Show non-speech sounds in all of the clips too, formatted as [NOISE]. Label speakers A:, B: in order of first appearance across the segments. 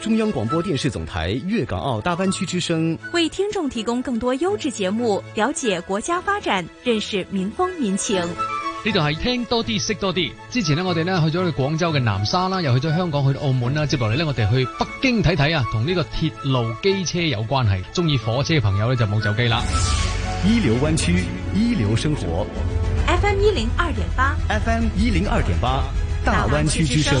A: 中央廣播電視總台粵港澳大灣區之聲，
B: 為聽眾提供更多優質節目，了解國家發展，認識民風民情。
A: 呢度係聽多啲，識多啲。之前呢，我哋呢去咗去廣州嘅南沙啦，又去咗香港、去到澳門啦。接落嚟呢，我哋去北京睇睇啊，同呢個鐵路機車有關係。中意火車嘅朋友呢，就冇走機啦。醫療灣區，醫療生活。
B: FM 一零二點八。FM
A: 一零二點八，
B: 大灣區之聲。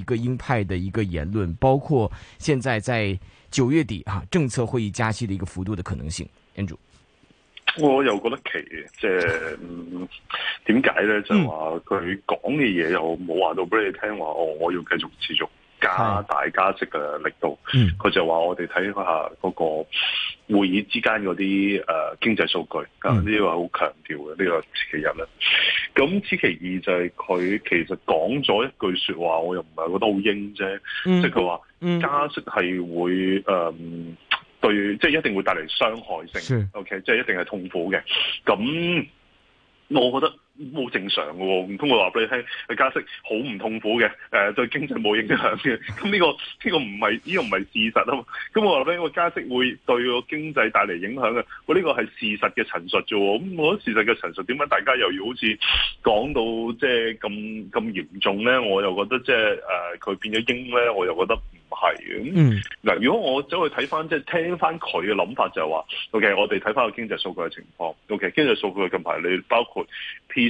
C: 一個鷹派的一個言論，包括現在在九月底啊，政策會議加息的一個幅度的可能性，Andrew，
D: 我又覺得奇嘅，即係點解咧？就是嗯就是、說說話佢講嘅嘢又冇話到俾你聽話，哦，我要繼續持續。加大加息嘅力度，佢、嗯、就話我哋睇下嗰個會議之間嗰啲誒經濟數據，呢、嗯啊這個好強調嘅呢個其一啦，咁，此其二就係佢其實講咗一句說話，我又唔係覺得好鷹啫，即係佢話加息係會誒、呃、對，即、就、係、是、一定會帶嚟傷害性。O K，即係一定係痛苦嘅。咁，我覺得。冇正常嘅喎，唔通我話俾你聽，佢加息好唔痛苦嘅？誒、呃，對經濟冇影響嘅？咁、這、呢個呢、這個唔係呢個唔係事實啊嘛？咁、嗯、我話俾你，個加息會對經濟帶、呃這個經濟帶嚟影響嘅，我呢個係事實嘅陳述啫。咁、嗯、我覺得事實嘅陳述點解大家又要好似講到即係咁咁嚴重咧？我又覺得即係誒，佢、呃、變咗鷹咧，我又覺得唔係嘅。咁、嗯、嗱、嗯，如果我走去睇翻即係聽翻佢嘅諗法，就係、是、話，OK，我哋睇翻個經濟數據嘅情況。OK，經濟數據嘅近排你包括、PC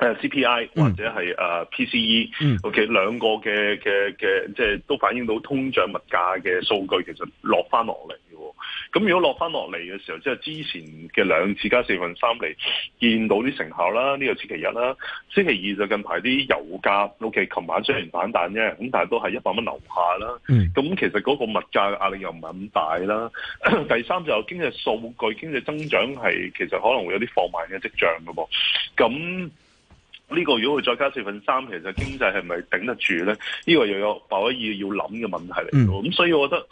D: Uh, CPI 或者係、uh, PCE，O.K.、Okay? Mm. 兩個嘅嘅嘅，即係都反映到通脹物價嘅數據，其實落翻落嚟嘅。咁如果落翻落嚟嘅時候，即係之前嘅兩次加四分三釐，見到啲成效啦。呢、這個星期一啦，星期二就近排啲油價，O.K. 琴晚雖然反彈啫，咁但係都係一百蚊樓下啦。咁其實嗰個物價嘅壓力又唔係咁大啦。 [COUGHS] 第三就經濟數據、經濟增長係其實可能會有啲放慢嘅跡象㗎喎。咁呢、這個如果佢再加四分三，其實經濟係咪頂得住咧？呢、這個又有白威要要諗嘅問題嚟喎。咁、嗯、所以我覺得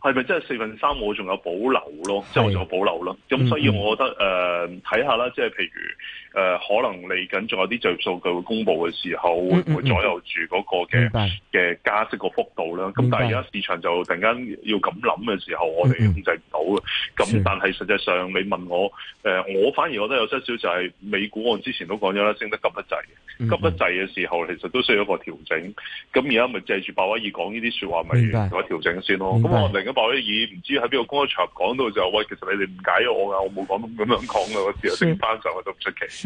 D: 係咪真係四分三我仲有保留咯，即係我仲有保留咯。咁、嗯嗯、所以我覺得誒睇、呃、下啦，即係譬如。誒、呃、可能嚟緊仲有啲就業數據會公佈嘅時候，會唔會左右住嗰個嘅嘅、嗯嗯嗯、加息個幅度咧？咁、嗯嗯、但係而家市場就突然間要咁諗嘅時候，我哋控制唔到嘅。咁、嗯嗯嗯、但係實際上你問我，誒、呃、我反而覺得有失少就係美股，我之前都講咗啦，升得急得滯，急、嗯、得、嗯、濟嘅時候其實都需要一個調整。咁而家咪借住鮑威爾講呢啲説話，咪、嗯、做、嗯、調整先咯。咁、嗯嗯嗯、我突然間鮑威爾唔知喺邊個公開場合講到就喂、哎，其實你哋誤解我㗎、啊，我冇講咁樣講㗎嗰次，升
C: 翻就都唔出奇。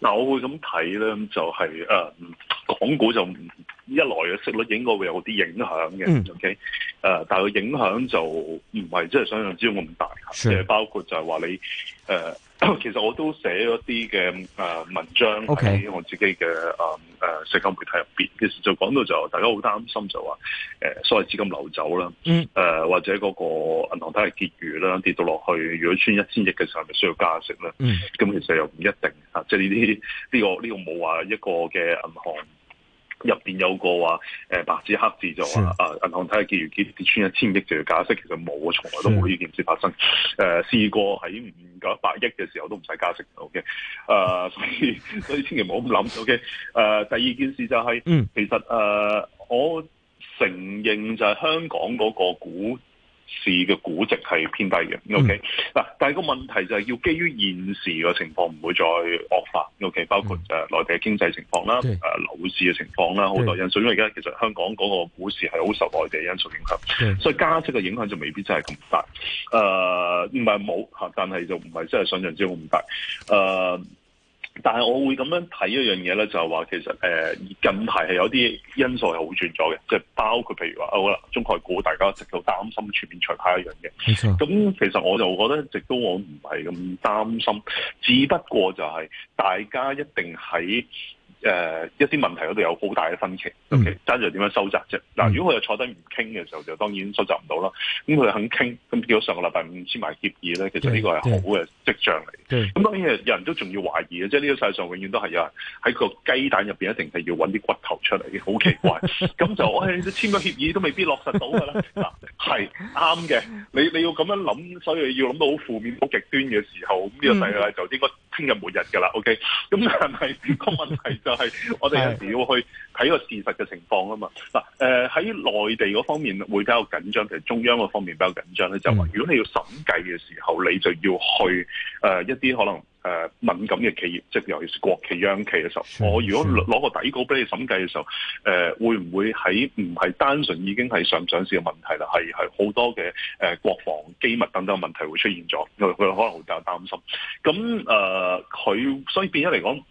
D: 嗱，我會咁睇咧，就係、是、誒、呃，港股就唔，一來嘅息率應該會有啲影響嘅、嗯、，OK，誒、呃，但係個影響就唔係即係想象之中咁大，即係包括就係話你誒。呃其實我都寫咗啲嘅誒文章喺我自己嘅誒誒社交媒體入邊，其實就講到就是、大家好擔心就話誒所謂資金流走啦，誒、嗯、或者嗰個銀行體系結餘啦跌到落去，如果穿一千億嘅時候，咪需要加息啦。咁、嗯、其實又唔一定吓，即係呢啲呢個呢個冇話一個嘅銀行。入面有個話，白紙黑字就話，啊銀行睇下結餘跌穿一千億就要加息，其實冇，從來都冇呢件事發生。誒、呃、試過喺唔夠一百億嘅時候都唔使加息。O K，誒所以所以千祈唔好咁諗。O K，誒第二件事就係、是，其實誒、呃、我承認就係香港嗰個股市嘅估值係偏低嘅，O K 嗱，但係個問題就係要基於現時嘅情況唔會再惡化，O、okay? K，包括誒內地的經濟情況啦，誒、嗯啊、樓市嘅情況啦，好、嗯、多因素，因為而家其實香港嗰個股市係好受內地因素影響、嗯，所以加息嘅影響就未必真係咁大，誒唔係冇嚇，但係就唔係真係想像之中咁大，誒、呃。但係我會咁樣睇一樣嘢咧，就係話其實誒、呃、近排係有啲因素係好轉咗嘅，即、就、係、是、包括譬如話，好啦，中概股大家一直都擔心全面除牌一樣嘢。咁其實我就覺得直到我唔係咁擔心，只不過就係大家一定喺。誒、呃、一啲問題嗰度有好大嘅分歧，O K. 爭就點樣收窄啫？嗱、嗯，如果佢又坐低唔傾嘅時候，就當然收窄唔到啦。咁、嗯、佢肯傾，咁見到上個禮拜五簽埋協議咧，其實呢個係好嘅跡象嚟。咁、嗯、當然有人都仲要懷疑嘅，即係呢個世上永遠都係有人喺個雞蛋入邊，一定係要搵啲骨頭出嚟嘅，好奇怪。咁 [LAUGHS] 就唉，哎、都簽咗協議都未必落實到㗎啦。嗱、 [LAUGHS] 啊，係啱嘅，你你要咁樣諗，所以要諗到好負面、好極端嘅時候，咁呢個世界就應該聽日末日㗎啦。O K. 咁但係個問題。 [LAUGHS] 就係、是、我哋有時要去睇個事實嘅情況啊嘛。嗱，喺、呃、內地嗰方面會比較緊張，其實中央嗰方面比較緊張咧，就話、是、如果你要審計嘅時候，你就要去、呃、一啲可能誒、呃、敏感嘅企業，即係尤其是國企央企嘅時候，我如果攞個底稿俾你審計嘅時候，呃、會唔會喺唔係單純已經係上唔上市嘅問題啦？係係好多嘅、呃、國防機密等等問題會出現咗，佢可能會比較擔心。咁誒佢所以變咗嚟講。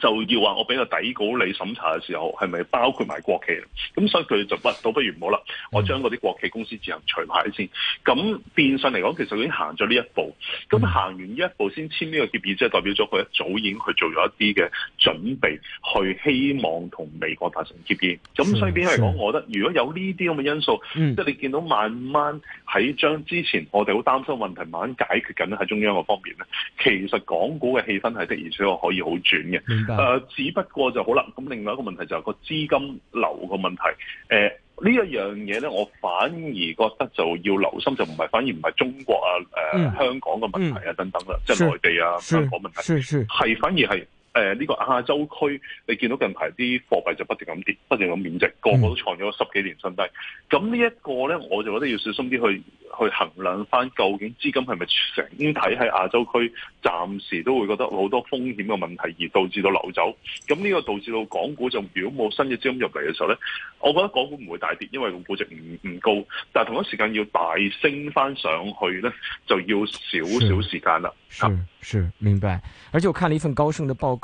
D: 就要話我俾個底稿你審查嘅時候，係咪包括埋國企？咁所以佢就屈到不如唔好啦，我將嗰啲國企公司自行除牌先。咁變相嚟講，其實已經行咗呢一步。咁行完呢一步先簽呢個協議，即係代表咗佢一早已經去做咗一啲嘅準備，去希望同美國達成協議。咁所以變係講，我覺得如果有呢啲咁嘅因素，嗯，即係你見到慢慢喺將之前我哋好擔心問題慢慢解決緊喺中央個方面咧，其實港股嘅氣氛係的而且確可以好轉嘅。誒、呃，只不過就好啦。咁另外一個問題就係個資金流個問題。誒、呃，一呢一樣嘢咧，我反而覺得就要留心，就唔係反而唔係中國啊、呃、香港嘅問題啊等等啦、嗯嗯，即係內地啊、香港問題，係反而係誒、這、呢個亞洲區，你見到近排啲貨幣就不停咁跌，不停咁貶值，個個都創咗十幾年新低。咁、嗯、呢一個咧，我就覺得要小心啲去去衡量翻，究竟資金係咪整體喺亞洲區，暫時都會覺得好多風險嘅問題而導致到流走。咁呢個導致到港股就如果冇新嘅資金入嚟嘅時候咧，我覺得港股唔會大跌，因為個估值唔唔高。但同一時間要大升翻上去咧，就要少少時間啦。
C: 是是，是，明白。而且我看了一份高盛的報告。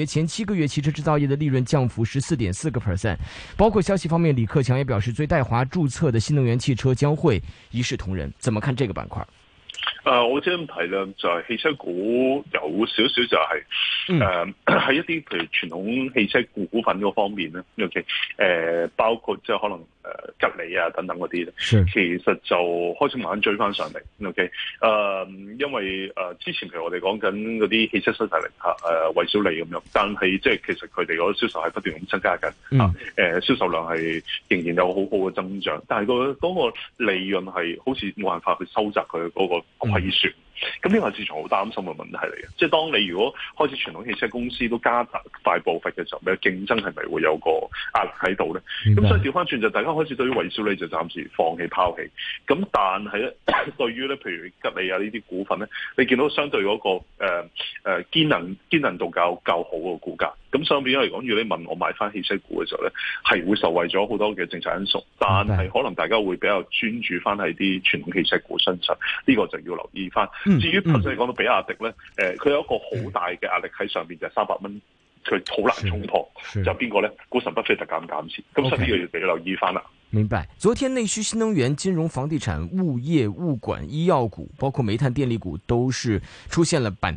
C: 節前七個月，汽車製造業的利潤降幅十四點四個 percent。包括消息方面，李克強也表示，對在華注冊的新能源汽車將會一視同仁。怎麼看這個板塊？
D: 誒、呃，我只問題咧就是汽車股有少少就係、是、誒，嗯呃、在一啲譬如傳統汽車股股份嗰方面呢，尤其誒包括即係可能。誒吉利啊，等等嗰啲咧，Sure. 其實就開始慢慢追翻上嚟。O K，誒，因為誒、呃、之前其實我哋講緊嗰啲汽車生售力嚇誒蔚小理咁樣，但係即係其實佢哋嗰個銷售係不斷咁增加緊嚇，誒銷售量係仍然有好好嘅增長，但係嗰、嗰個嗰個利潤係好似冇辦法去收窄佢嗰個虧損。Mm -hmm. 咁呢個係自從好擔心嘅問題嚟嘅，即係當你如果開始傳統汽車公司都加大大步伐嘅時候，咧競爭係咪會有個壓力喺度咧？咁所以調翻轉就，大家開始對於蔚小理就暫時放棄拋棄。咁但係咧，對於咧譬如吉利啊呢啲股份咧，你見到相對嗰個誒誒、呃呃、堅能堅能度較較好嘅股價。咁相比較嚟講，如果你問我買翻汽車股嘅時候咧，係會受惠咗好多嘅政策因素，但係可能大家會比較專注翻喺啲傳統汽車股身上，呢、這個就要留意翻。至於頭先你講到比亞迪咧，誒、嗯、佢、嗯呃、有一個好大嘅壓力喺上面，就係三百蚊，佢好難衝破。就係邊個咧？股神巴菲特減唔減先？咁呢個要俾你留意翻啦。
C: 明白。昨天內需新能源、金融、房地產、物業物管、醫藥股，包括煤炭、電力股，都是出現了板。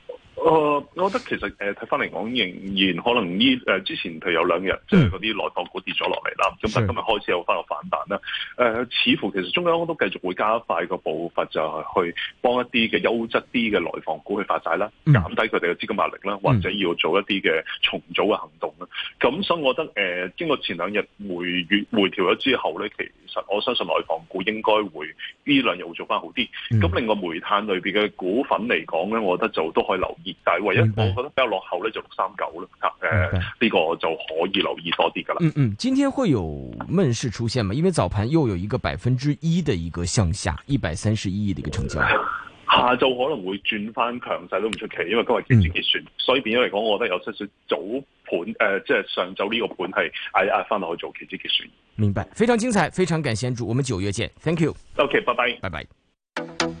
D: 誒、呃，我覺得其實誒睇翻嚟講，仍然可能呢誒、呃、之前，譬如有兩日，即係嗰啲內房股跌咗落嚟啦。咁但今日開始有翻個反彈啦。誒、呃，似乎其實中央都繼續會加快個步伐，就係去幫一啲嘅優質啲嘅內房股去發債啦，減、嗯、低佢哋嘅資金壓力啦，或者要做一啲嘅重組嘅行動啦。咁、嗯、所以，我覺得誒、呃、經過前兩日回調回調咗之後咧，其實我相信內房股應該會呢兩日會做翻好啲。咁、嗯、另外煤炭裏邊嘅股份嚟講咧，我覺得就都可以留意。但係唯一我覺得比較落後咧，就六三九啦誒呢個就可以留意多啲噶啦。
C: 嗯嗯，今天會有悶市出現嘛？因為早盤又有一個百分之一的一個向下，一百三十一億的一個成交。嗯、
D: 下晝可能會轉翻強勢都唔出奇，因為今日期指結算，所以變咗嚟講，我覺得有少少早盤誒，即、呃、係上晝呢個盤係壓嗌翻落去做期指結算。
C: 明白，非常精彩，非常感謝主持，我們九月見，Thank you。OK，拜拜，拜拜。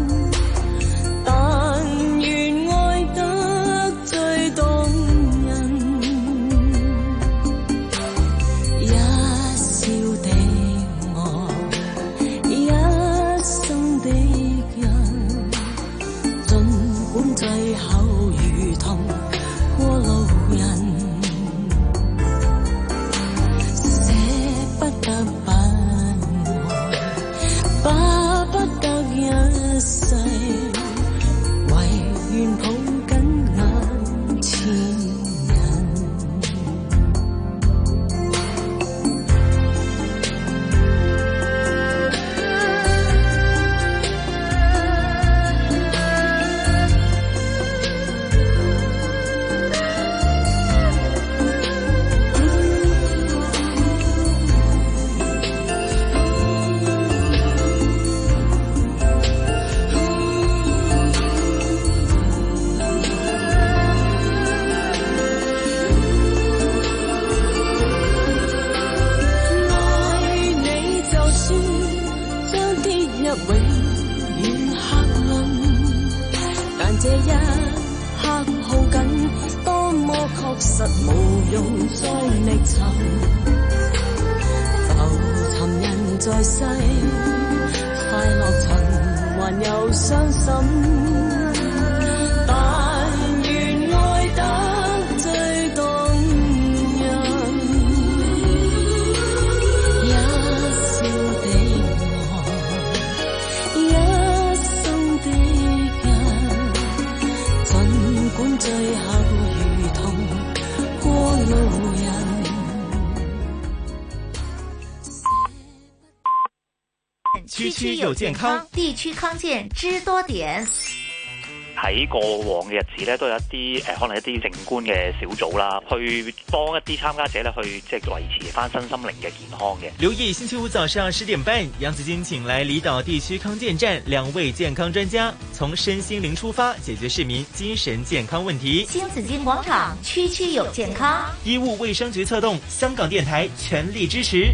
E: 區康健知多點。
F: 喺過往嘅日子呢，都有一啲誒、呃，可能一啲靜觀嘅小組啦，去幫一啲參加
G: 者咧，去即係維持翻身心靈嘅健康嘅。
F: 留意星期五早上十點半，楊紫晶請來離島地區康健站，兩位健康專家從身心靈出發，解決市民精神健康問題。
E: 星紫晶廣場區區有健康，
F: 醫務衛生局策動，香港電台全力支持。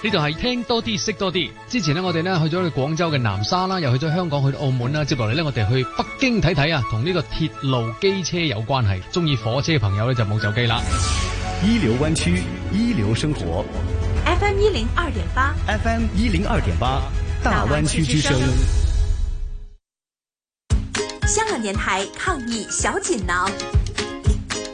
A: 呢度係聽多啲識多啲。之前呢，我哋呢去咗去廣州嘅南沙啦，又去咗香港、去到澳門啦。接落嚟呢，我哋去北京睇睇啊，同呢個鐵路機車有關係。中意火車嘅朋友呢，就冇手機啦。醫療灣區，醫療生活。
B: FM 一零二點八。
A: FM 一零二點八。大灣區之聲。
B: 香港電台抗疫小錦囊。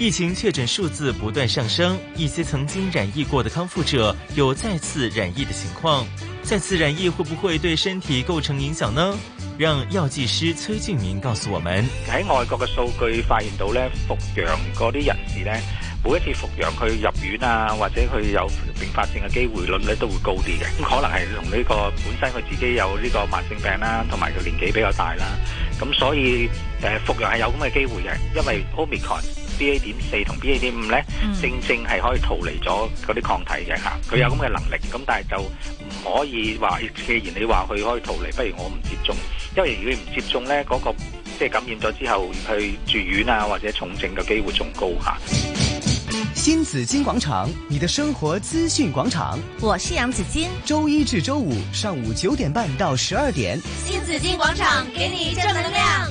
F: 疫情確診數字不斷上升，一些曾經染疫過的康復者有再次染疫的情況。再次染疫會不會對身體構成影響呢？讓藥劑師崔俊明告訴我們：
H: 喺外國嘅數據發現到咧，復陽嗰啲人士咧，每一次復陽佢入院啊，或者佢有併發症嘅機會率咧都會高啲嘅。咁可能係同呢個本身佢自己有呢個慢性病啦，同埋佢年紀比較大啦，咁所以誒復陽係有咁嘅機會嘅，因為 Omicron。B A 點四同 B A 點五咧、嗯，正正係可以逃離咗嗰啲抗體嘅吓，佢有咁嘅能力。咁、嗯、但係就唔可以話，既然你話佢可以逃離，不如我唔接種，因為如果你唔接種咧，嗰、那個即係感染咗之後去住院啊或者重症嘅機會仲高吓。
A: 新紫荊廣場，你的生活資訊廣場，我是楊紫金，周一至周五上午九點半到十二點，
I: 新紫荊廣場給你正能量。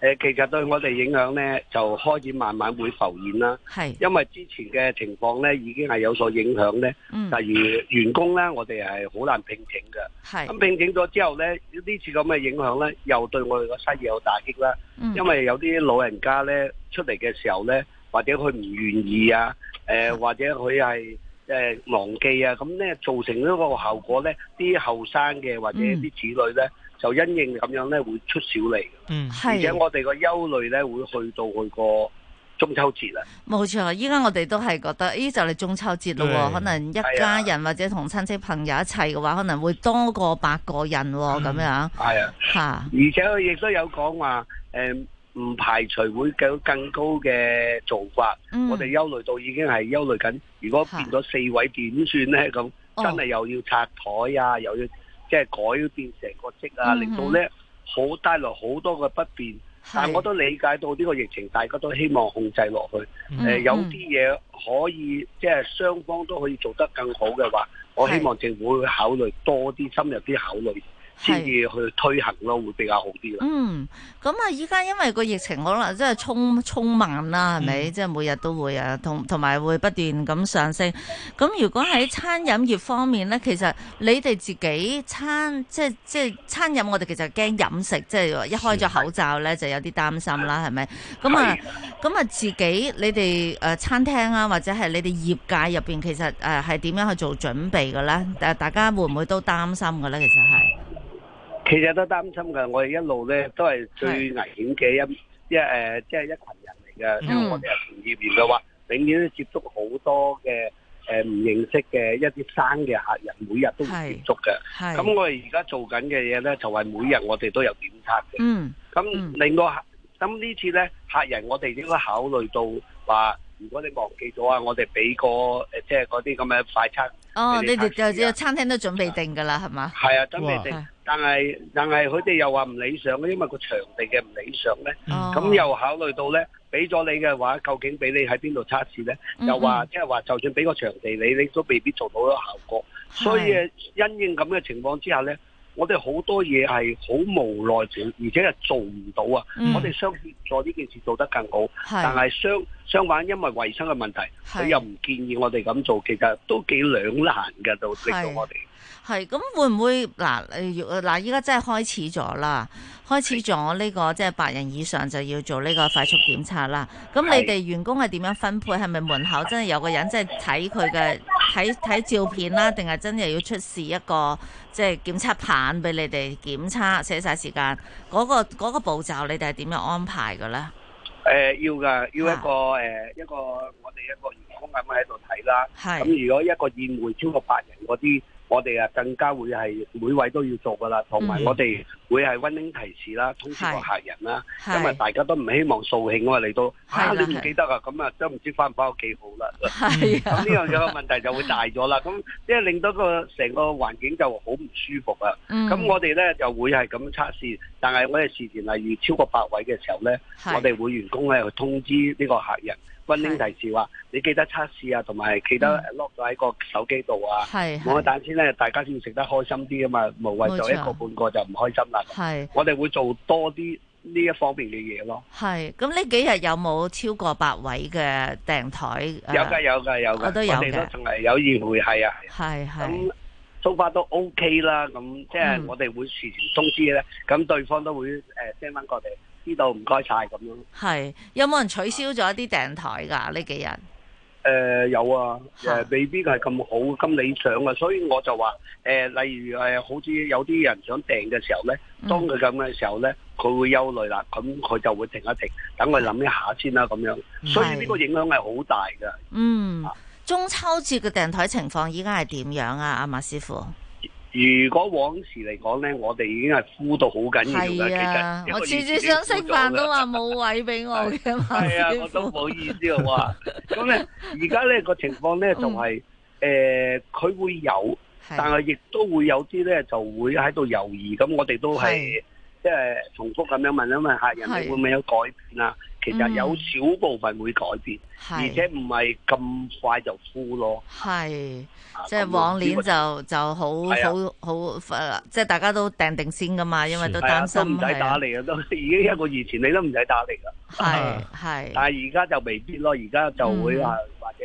J: 誒，其實對我哋影響咧，就開始慢慢會浮現啦。係，因為之前嘅情況咧，已經係有所影響咧。嗯。例如員工咧，我哋係好難聘請嘅。係。咁、啊、聘請咗之後咧，呢次咁嘅影響咧，又對我哋個生意有打擊啦、嗯。因為有啲老人家咧，出嚟嘅時候咧，或者佢唔願意啊，誒、呃，或者佢係誒忘記啊，咁咧造成咗個效果咧，啲後生嘅或者啲子女咧。嗯就因應咁樣咧，會出少嚟。嗯，係。而且我哋個憂慮咧，會去到去個中秋節啊。
E: 冇、嗯、錯，依家我哋都係覺得，咦、哎，就嚟、是、中秋節咯、嗯。可能一家人、啊、或者同親戚朋友一齊嘅話，可能會多過八個人咁、嗯、樣。係啊。吓，
J: 而且佢亦都有講話，誒、呃，唔排除會有更高嘅做法。嗯、我哋憂慮到已經係憂慮緊，如果變咗四位點算咧？咁真係又要拆台啊、哦！又要。即係改變成個職啊，mm -hmm. 令到咧好帶來好多嘅不便。但係我都理解到呢個疫情，大家都希望控制落去。誒、mm -hmm. 呃，有啲嘢可以即係雙方都可以做得更好嘅話，我希望政府會考慮多啲深入啲考慮。先要去推
E: 行咯，會比較好啲啦。嗯，咁啊，依家因為個疫情可能真係沖沖慢啦，係咪？即、嗯、係每日都會啊，同同埋會不斷咁上升。咁如果喺餐飲業方面呢，其實你哋自己餐即係即係餐飲，我哋其實驚飲食，即係話一開咗口罩呢，就有啲擔心啦，係咪？咁啊咁啊，自己你哋誒餐廳啊，或者係你哋業界入邊，其實誒係點樣去做準備嘅呢？誒，大家會唔會都擔心嘅呢？其實係。
J: 其實都擔心嘅，我哋一路咧都係最危險嘅一一誒、呃，即係一羣人嚟嘅。因為我哋業員嘅話，永遠都接觸好多嘅誒唔認識嘅一啲生嘅客人，每日都接觸嘅。咁我哋而家做緊嘅嘢咧，就係、是、每日我哋都有檢測嘅。咁、嗯、另外，咁呢次咧客人，我哋應該考慮到話，如果你忘記咗啊，我哋俾個、呃、即係嗰啲咁嘅快餐。哦，你哋
E: 就只、啊、餐廳都準備定㗎啦，係嘛？係
J: 啊，準備定。但係但係佢哋又話唔理想咧，因為個場地嘅唔理想咧，咁又考慮到咧，俾咗你嘅話，究竟俾你喺邊度測試咧？又話即係話，就算俾個場地你，你都未必做到一個效果。所以因應咁嘅情況之下咧，我哋好多嘢係好無奈住，而且係做唔到啊！我哋想協助呢件事做得更好，但係相相反，因為衞生嘅問題，佢又唔建議我哋咁做，其實都幾兩難嘅到令到我哋。
E: 係咁會唔會嗱，誒，嗱依家真係開始咗啦，開始咗呢個即係百人以上就要做呢個快速檢測啦。咁你哋員工係點樣分配？係咪門口真係有個人即係睇佢嘅睇睇照片啦？定係真係要出示一個即係檢測棒俾你哋檢測？寫晒時間嗰個嗰個步驟，你哋係點樣安排嘅咧？
J: 誒，要噶，要一個誒、啊、一個我哋一個員工咁咪喺度睇啦。係咁，如
E: 果一個宴會超過百
J: 人嗰啲。我哋啊，更加會係每位都要做噶啦，同埋我哋會係溫馨提示啦，通知個客人啦。今、嗯、日大家都唔希望掃興喎，你都都唔、啊、記得啊，咁啊都唔知翻唔翻屋企好啦。咁呢 [LAUGHS] 樣有個問題就會大咗啦。咁即係令到個成個環境就好唔舒服啊。咁、嗯、我哋咧就會係咁測試，但係我哋事前例如超過百位嘅時候咧，我哋會員工咧去通知呢個客人。溫馨提示話：你記得測試啊，同埋記得 lock 咗喺個手機度啊。係係。我啲蛋先咧，大家先食得開心啲啊嘛，無謂做一個半個就唔開心啦。係。我哋會做多啲呢一方面嘅嘢咯。
E: 係。咁呢幾日有冇超過百位嘅訂台？有㗎有㗎有㗎，我，有的我們都有哋都
J: 仲係有預會係啊。係係。咁做法都 OK 啦，咁、嗯、即係我哋會事前通知咧，咁對方都會誒 send 翻過嚟。呃知道唔該晒咁樣。
E: 係有冇人取消咗一啲訂台㗎呢幾日？
J: 誒、呃，有啊，誒，未必係咁好、咁理想啊，所以我就話，誒、呃，例如誒，好似有啲人想訂嘅時候咧，當佢咁嘅時候咧，佢、嗯、會憂慮啦，咁佢就會停一停，等佢諗一下先啦、啊，咁樣，所以呢個影響係好大㗎。
E: 嗯，中秋節嘅訂台情況依家係點樣啊？阿馬師傅。
J: 如果往時嚟講咧，我哋已經係呼到好緊要啦、啊。其實我
E: 次次想食飯都話冇位俾我嘅。係 [LAUGHS] 啊，啊，我
J: 都唔好意思話。咁 [LAUGHS] 咧，而家咧個情況咧仲係誒，佢、就是嗯呃、會有，但係亦都會有啲咧就會喺度猶豫。咁我哋都係即係重複咁樣問，因為客人會唔會有改變啊？其實有少部分會改變，嗯、是而且唔係咁快就 full。咯
E: 係、啊，即係往年就就好好好，即係、啊啊就是、大家都訂定先噶嘛，因為都擔心。都唔使打嚟
J: 噶，都、啊啊、已經一個月前，你都唔使打嚟噶。
E: 係係、啊，
J: 但係而家就未必咯，而家就會話、嗯、或者誒、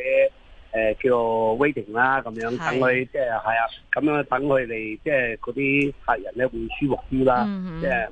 J: 呃、叫做 waiting 啦，咁、就是啊、樣等佢，即係係啊，咁樣等佢哋，即係嗰啲客人咧會舒服啲啦，即、嗯、係。就是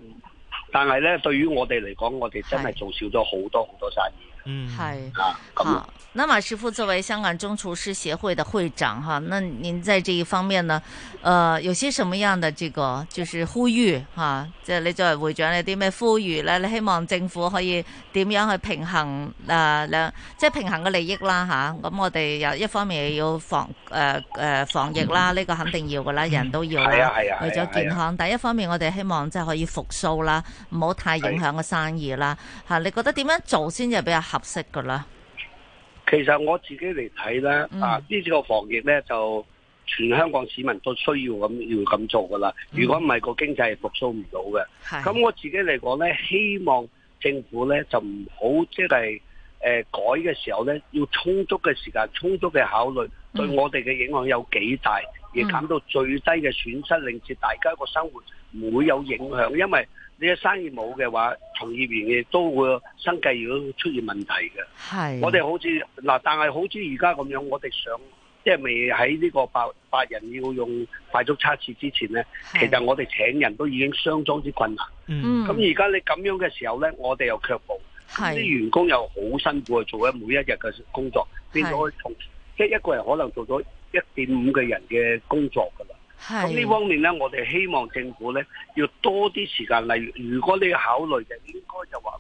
J: 但係咧，對於我哋嚟講，我哋真係做少咗好多好多生意。
E: 嗯，係好、嗯、好。那馬師傅作為香港中廚師協會的會長，哈，那您在這一方面呢，呃，有些什麼樣的這個就是呼籲，吓、啊，即係你作為會長你啲咩呼籲咧？你希望政府可以點樣去平衡啊兩、呃，即係平衡個利益啦，吓、啊。咁我哋有一方面要防誒誒、呃、防疫啦，呢、嗯這個肯定要噶啦、嗯，人都要係、嗯哎、為咗健康。但、哎、一方面我哋希望即係可以復蘇啦，唔、哎、好太影響個生意啦，吓、啊。你覺得點樣做先至比較合適噶啦，
J: 其實我自己嚟睇咧，啊呢、這個防疫咧就全香港市民都需要咁要咁做噶啦。如果唔係，個經濟係復蘇唔到嘅。咁我自己嚟講咧，希望政府咧就唔好即係誒改嘅時候咧，要充足嘅時間，充足嘅考慮、嗯，對我哋嘅影響有幾大，而、嗯、減到最低嘅損失，令至大家個生活唔會有影響、嗯，因為。你嘅生意冇嘅話，從業員亦都會生計如果出現問題嘅。
K: 係，我哋好
J: 似嗱，但係好似而家咁樣，我哋想即係、就是、未喺呢個八人要用快速測試之前咧，其實我哋請人都已經相當之困難。嗯，咁而家你咁樣嘅時候咧，我哋又卻步，啲員工又好辛苦去做咗每一日嘅工作，變咗從即係一個人可能做咗一點五個人嘅工作㗎啦。咁呢方面咧，我哋希望政府咧要多啲時間，例如，如果你考慮嘅，應該就話，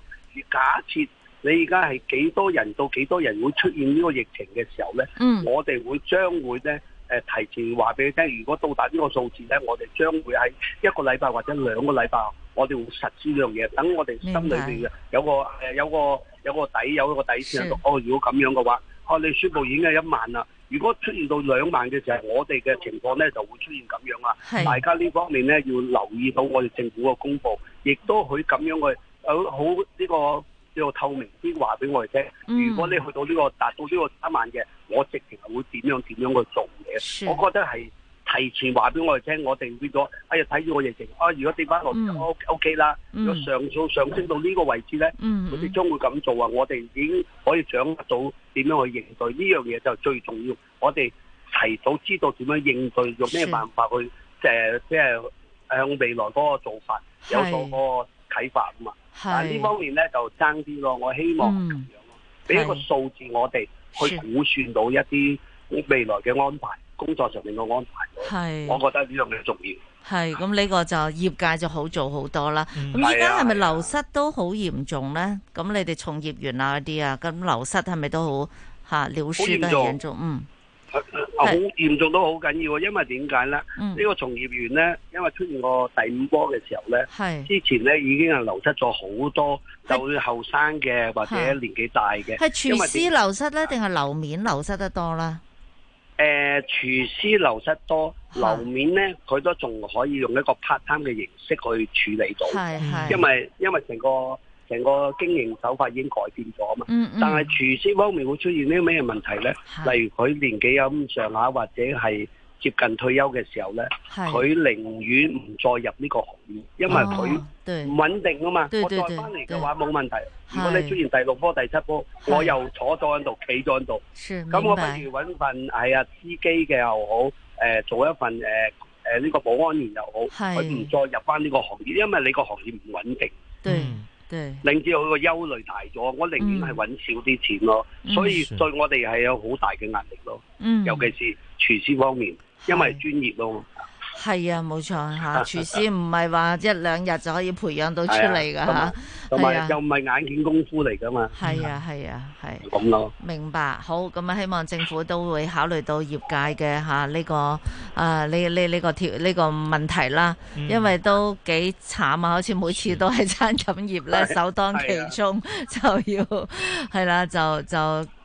J: 假設你而家係幾多人到幾多人會出現呢個疫情嘅時候咧、嗯，我哋會將會咧誒提前話俾你聽。如果到達呢個數字咧，我哋將會喺一個禮拜或者兩個禮拜，我哋會實施呢樣嘢。等我哋心裏面有個、呃、有個有個底，有一個底線。哦，如果咁樣嘅話，哦、啊，你宣布已經係一萬啦。如果出現到兩萬嘅時候，我哋嘅情況咧就會出現咁樣啦、係。大家呢方面咧要留意到我哋政府嘅公佈，亦都佢咁樣去有、呃、好呢、呢個呢、呢個透明啲話俾我哋聽。如果你去到呢、呢個達到呢個三萬嘅，我直情係會點樣點樣去做嘢。我覺得係。提前話俾我哋聽，我哋跌咗，哎呀，睇住我疫情，啊如果跌翻落 O K 啦。嗯、上數上升到呢個位置咧、嗯，佢哋將會咁做啊！我哋已經可以掌握到點樣去應對呢樣嘢就最重要。我哋提早知道點樣應對，用咩辦法去即係、即係即係、向未來嗰個做法有所個啟發啊嘛。但係呢方面咧就爭啲咯，我希望俾、嗯、一個數字我哋去估算到一啲未來嘅安排。工作上面嘅安
E: 排的，係，我覺得
J: 呢樣嘢重要的。
E: 係，咁呢個就業界就好做好多啦。咁依家係咪流失都好嚴重咧？咁、啊啊、你哋從業員啊啲啊，咁流失係咪都好嚇了事，都係嚴重？嗯，
J: 好嚴重都好緊要，因為點解咧？呢、嗯呢個從業員咧，因為出現過第五波嘅時候咧，之前咧已經係流失咗好多，就後生嘅或者年紀大嘅。係廚師
E: 流失咧，定係樓面流失得多啦？誒、呃、廚師流失
J: 多，樓面咧，佢都仲可以用一個 part time 嘅形式去處理到。是是是因為因為成個成個經營手法已經改變咗啊嘛。嗯嗯但係廚師方面會出現啲咩問題咧？是是例如佢年紀有咁上下，或者係。接近退休嘅時候咧，佢寧願唔再入呢個行業，因為佢唔穩定啊嘛、哦。我再翻嚟嘅話冇問題對對對。如果你出現第六波、第七波，我又坐咗喺度、企咗喺度，咁我不如揾份係啊司機嘅又好，誒、呃、做一份誒誒呢個保安員又好，佢唔再入翻呢個行業，因為你個行業唔穩定，對、嗯，令至佢個憂慮大咗。我寧願係揾少啲錢咯、嗯，所以對我哋係有好大嘅壓力咯、嗯。尤其是廚師方面。因為專
E: 業咯，係啊，冇錯吓，廚、啊、 [LAUGHS] 師唔係話一兩日就可以培養到出嚟噶吓，係啊，啊，啊，又
J: 唔係眼見功夫嚟噶嘛，係啊，係啊，係咁咯。
E: 明白，好，咁啊，希望政府都會考慮到業界嘅吓呢個啊呢呢呢個條呢、這個這個問題啦，嗯、因為都幾慘啊，好似每次都係餐飲業咧、啊、首當其衝就要係啦、啊 [LAUGHS] 啊，就就。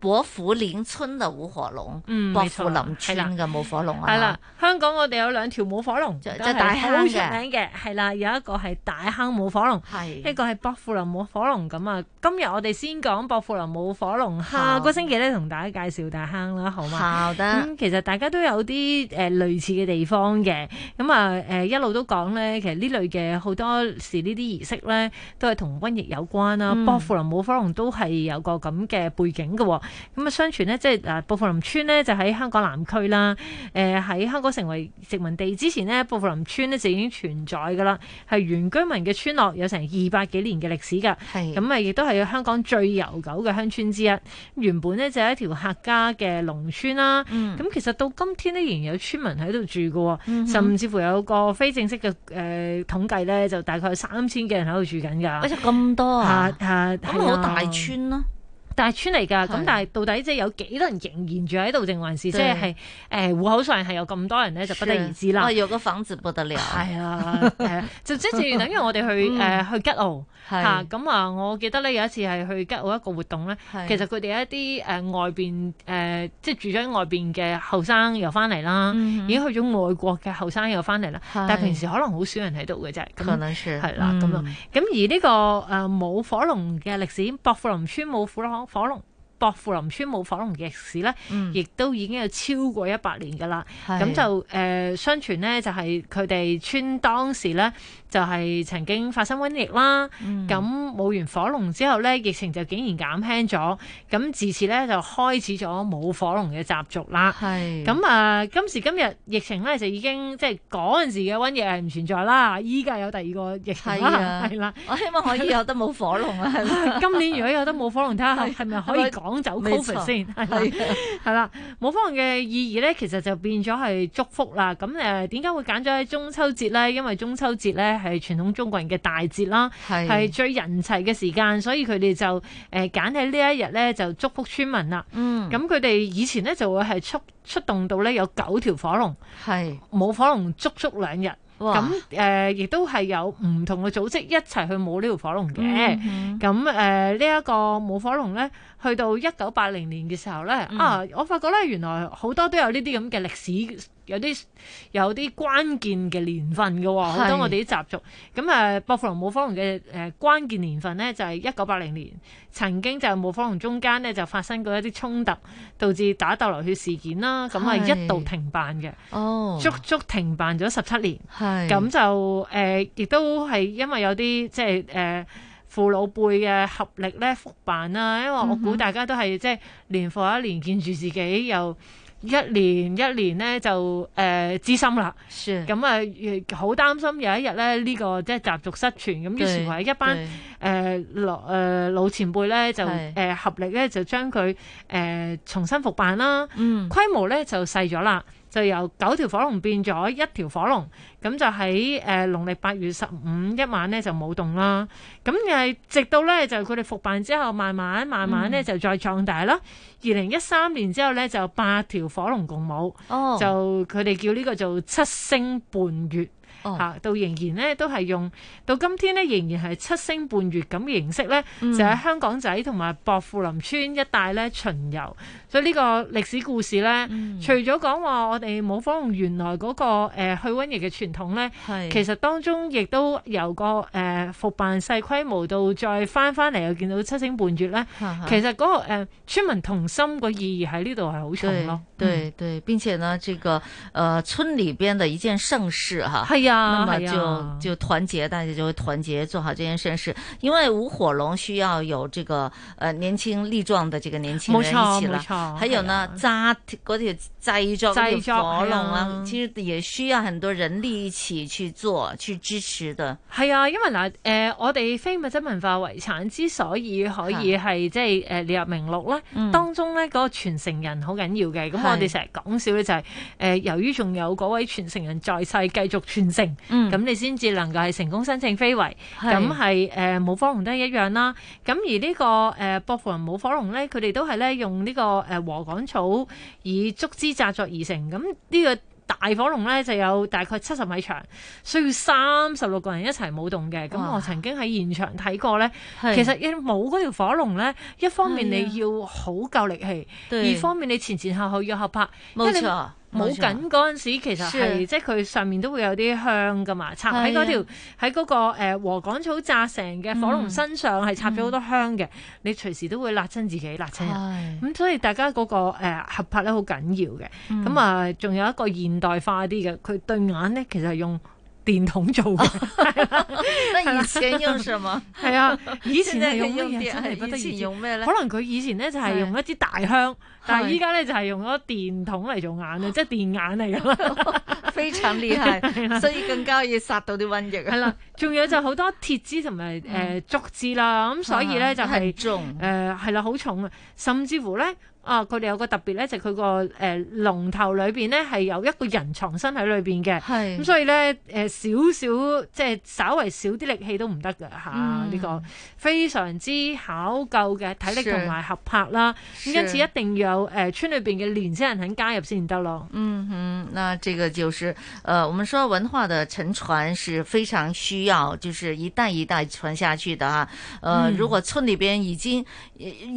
E: 薄扶林村嘅舞火龍，薄、嗯、扶林村嘅舞火龍啊！係、嗯、啦，
L: 啦，香港我哋有兩條舞火龍，就大坑的出名嘅，係啦，有一個係大坑舞火龍，一個係薄扶林舞火龍咁啊！今日我哋先講薄扶林舞火龍，下個星期咧同大家介紹大坑啦，好嘛？得，咁、嗯、其實大家都有啲誒類似嘅地方嘅，咁啊誒一路都講咧，其實這類的很這呢類嘅好多時呢啲儀式咧，都係同瘟疫有關啦、啊。薄、嗯、扶林舞火龍都係有個咁嘅背景嘅、啊。咁啊，相傳咧，即係啊，薄扶林村咧就喺香港南區啦。誒，喺香港成為殖民地之前咧，薄扶林村咧就已經存在噶啦，係原居民嘅村落，有成二百幾年嘅歷史㗎。咁啊，亦都係香港最悠久嘅鄉村之一。原本咧就係一條客家嘅農村啦。咁、嗯、其實到今天呢，仍然有村民喺度住㗎、嗯，甚至乎有個非正式嘅誒統計咧，就大概三千嘅人喺度住緊㗎。咁多啊？係、啊、係，咁咪好大村咯。大村嚟㗎，咁但係到底即係有幾多人仍然住喺度，定還是即係係誒戶口上係有咁多人咧，就不得而知啦、哦。有個房子不得了，係 [LAUGHS] 啦，誒， [LAUGHS] 就即係等於我哋去誒、嗯呃、去吉澳嚇，咁啊，我記得咧有一次係去吉澳一個活動咧，其實佢哋一啲誒、呃、外邊誒、呃、即係住咗喺外邊嘅後生又翻嚟啦、嗯嗯，已經去咗外國嘅後生又翻嚟啦，但係平時可能好少人喺度嘅啫，可能啦，咁、嗯、樣，咁、嗯嗯、而呢、這個誒冇、呃、火龍嘅歷史，薄扶林村冇火龍。火龍薄扶林村冇火龍嘅歷史咧，亦、嗯、都已經有超過一百年噶啦。咁就誒、呃，相傳咧就係佢哋村當時咧。就係、是、曾經發生瘟疫啦，咁、嗯、舞完火龍之後咧，疫情就竟然減輕咗，咁、嗯、自此咧就開始咗舞火龍嘅習俗啦。係，咁啊今時今日疫情咧就已經即係嗰陣時嘅瘟疫係唔存在啦，依家有第二個疫情啦、啊、啦。我希望可以有得舞火龍啊！今年如果有得舞火龍，睇下係咪可以趕走 COVID 先係啦。舞 [LAUGHS] 火龍嘅意義咧，其實就變咗係祝福啦。咁誒點解會揀咗喺中秋節咧？因為中秋節咧。係傳統中國人嘅大節啦，係最人齊嘅時間，所以佢哋就誒揀喺呢一日咧就祝福村民啦。嗯，咁佢哋以前咧就會係出出動到咧有九條火龍，係舞火龍足足兩日。哇！咁誒亦都係有唔同嘅組織一齊去舞、嗯呃這個、呢條火龍嘅。咁誒呢一個舞火龍咧，去到一九八零年嘅時候咧、嗯，啊，我發覺咧原來好多都有呢啲咁嘅歷史。有啲有啲關鍵嘅年份嘅喎，好多我哋啲習俗。咁誒，薄扶林舞火龍嘅誒關鍵年份呢，就係一九八零年，曾經就舞火龍中間呢，就發生過一啲衝突，導致打鬥流血事件啦。咁係一度停辦嘅，
M: 足、
L: 哦、足停辦咗十七年。咁就誒，亦、呃、都係因為有啲即係誒、呃、父老輩嘅合力咧復辦啦。因為我估大家都係、嗯、即係年復一年見住自己又。一年一年咧就誒資深啦，咁啊好擔心有一日咧呢個即係習俗失傳，咁於是乎一班誒、呃、老、呃、老前輩咧就誒、呃、合力咧就將佢誒、呃、重新復辦啦、嗯，規模咧就細咗啦。就由九條火龍變咗一條火龍，咁就喺誒農曆八月十五一晚咧就冇動啦。咁就直到咧就佢哋復辦之後，慢慢慢慢咧就再壯大啦。二零一三年之後咧就八條火龍共舞、哦，就佢哋叫呢個做七星伴月。嚇、哦、到仍然咧都係用到今天咧，仍然係七星半月咁嘅形式咧、嗯，就喺香港仔同埋薄扶林村一帶咧巡遊。所以呢個歷史故事咧、嗯，除咗講話我哋舞火龍原來嗰、那個、呃、去瘟疫嘅傳統咧，其實當中亦都由個誒、呃、復辦細規模到再翻翻嚟又見到七星半月咧。其實嗰、那個、呃、村民同心個意義喺呢度係好重咯。對對、對、嗯，並且呢，這
E: 個誒、呃、村裡邊嘅一件盛事嚇，係啊。哎啊、那麼就、啊、就團結，大家就會團結做好這件事，因為舞火龍需要有這個，呃年輕力壯的這個年輕人一起啦。還有呢，紮條製作火龍啊，其實也需要很多人力一起去做、嗯、去支持的。
L: 係啊，因為嗱，誒、呃、我哋非物質文化遺產之所以可以係即係誒列入名錄啦、嗯，當中咧、嗰個傳承人好緊要嘅。咁我哋成日講笑咧就係、是，誒由於仲有位傳承人在世，繼續傳。咁、嗯、你先至能夠係成功申請非遺，咁係冇舞火龍都係一樣啦。咁而呢、這個誒薄扶林舞火龍咧，佢哋都係咧用呢、這個誒禾稈草以竹枝紮作而成。咁呢個大火龍咧就有大概七十米長，需要三十六個人一齊舞動嘅。咁我曾經喺現場睇過咧，其實要舞嗰條火龍咧，一方面你要好夠力氣，二方面你前前後後要合拍，冇錯。冇緊嗰陣時，其實係、啊、即係佢上面都會有啲香噶嘛，插喺嗰條喺嗰、啊、個禾稈草紮成嘅火龍身上，係插咗好多香嘅、嗯。你隨時都會辣親自己，焫親人咁，所以大家嗰、那個、呃、合拍咧好緊要嘅。咁、嗯、啊，仲有一個現代化啲嘅，佢對眼咧其實係用電筒做嘅，係、哦、啦。那以前用什麼？係啊，以前係用呢啲。以前用咩咧？可能佢以前咧就係用一支大香，但係依家咧就係用咗電筒嚟做眼啊，即係、就是、電眼嚟噶啦，
E: 非常厲害，所以更加要殺到啲瘟疫。係啦，
L: 仲有就好多鐵枝同埋誒竹枝啦，咁、嗯嗯、所以咧就係誒係啦，好重啊、呃，甚至乎咧。啊！佢哋有個特別咧，就佢個誒龍頭裏面呢，係有一個人藏身喺裏面嘅。咁所以咧，誒少少即係稍微少啲力氣都唔得嘅嚇。呢、嗯啊這個非常之考究嘅體力同埋合拍啦。咁因此一定要有、呃、村裏邊嘅年輕人肯加入先得咯。嗯
E: 哼，那這個就是，呃，我們說文化的承傳是非常需要，就是一代一代傳下去的啊。呃，如果村裏邊已經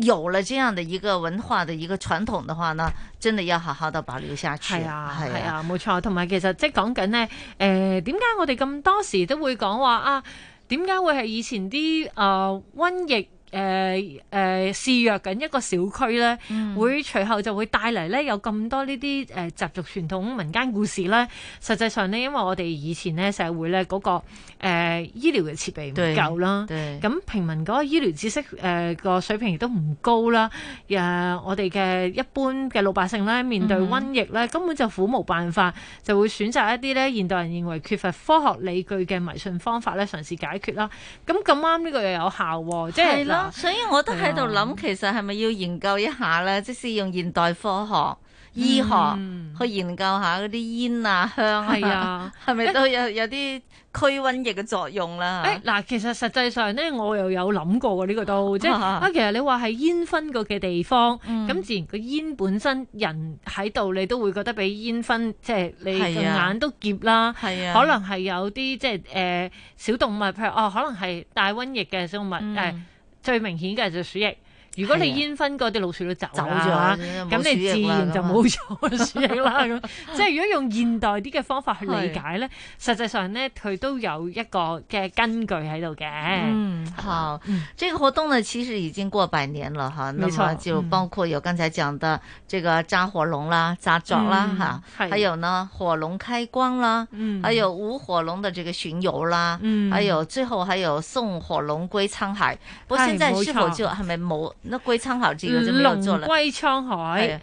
E: 有
L: 了這樣的，一個文化的。一個傳統的話呢，真係要好好地保留下去。係啊，係啊，冇、啊啊、錯。同埋其實即係講緊呢，誒點解我哋咁多時都會講話啊？點解會係以前啲誒、呃、瘟疫？誒誒肆虐緊一個小區咧、嗯，會隨後就會帶嚟咧有咁多呢啲誒習俗傳統民間故事咧。實際上呢，因為我哋以前咧社會咧、那、嗰個誒、呃、醫療嘅設備唔夠啦，咁平民嗰個醫療知識誒個、呃、水平亦都唔高啦、呃。我哋嘅一般嘅老百姓咧面對瘟疫咧根本就苦無辦法，嗯、就會選擇一啲咧現代人認為缺乏科學理據嘅迷信方法咧嘗試解決啦。咁咁啱呢個又有效、啊，即係啦。所以我都喺度諗，
E: 其實係咪要研究一下咧？即、就、使、是、用現代科學醫學、嗯、去研究
L: 下嗰啲煙啊，香係啊，係咪、啊、都有 [LAUGHS] 有啲驅瘟疫嘅作用啦、啊？嗱、欸，其實實際上咧，我又有諗過喎。呢個都即係啊。其實你話係煙熏過嘅地方，咁、嗯、自然個煙本身人喺度，你都會覺得俾煙熏，即、就、係、是、你眼都澀啦。啊，可能係有啲即係小動物，譬如哦、呃，可能係帶瘟疫嘅小動物、嗯呃最明顯嘅就係鼠疫。如果你煙熏嗰啲老鼠都走走咗，啊，咁你自然就冇咗鼠疫啦。咁 [LAUGHS] [LAUGHS] 即係如果用現代啲嘅方法去理解咧，實際上咧佢都有一個嘅根據喺度嘅。嗯，好，嗯，這個活動呢其實已經過百年啦吓。
E: 冇、嗯、錯，那麼就包括有剛才講的這個紮火龍啦，紮作啦，吓、嗯，還有呢火龍開光啦，嗯，還有舞火龍的這個巡遊啦，嗯，還有最後還有送火龍歸滄海。嗯、不過現在是否就係咪冇？龍歸滄海，即係龍歸
L: 滄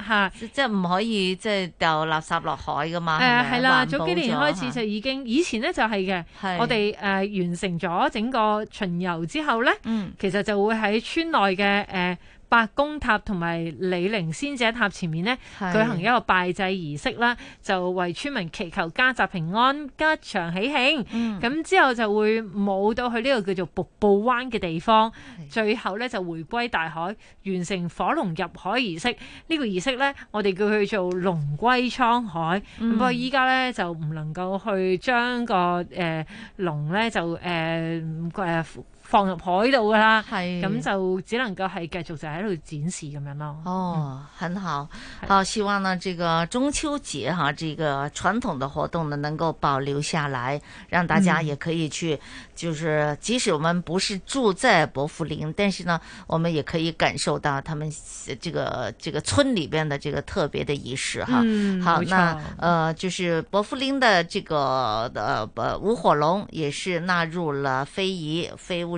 L: 海，即
E: 係唔可以，即係掉垃圾落海噶嘛。誒，係啦，早幾年開始就
L: 已經，以前咧就係嘅。我哋誒、呃、完成咗整個巡遊之後咧、嗯，其實就會喺村內嘅誒。呃八公塔同埋李靈仙姐塔前面呢，舉行一個拜祭儀式啦，就為村民祈求家宅平安起、吉祥喜慶。咁之後就會舞到去呢個叫做瀑布灣嘅地方，最後呢就回歸大海，完成火龍入海儀式。呢、這個儀式呢，我哋叫佢做龍歸滄海。嗯、不過依家呢，就唔能夠去將、那個誒、呃、龍呢，就、呃、誒、呃放入海度噶啦，係咁就只能夠係繼續就喺度展示咁樣咯。哦、嗯，很好，好，希望呢這個中秋節哈，這
E: 個傳統的活動呢能夠保留下來，讓大家也可以去，嗯、就是即使我們不是住在薄扶林，但是呢，我們也可以感受到他們這個這個村裏邊的這個特別的儀式哈、嗯。好，那呃就是薄扶林的這個的呃舞火龍也是納入了非遺非物。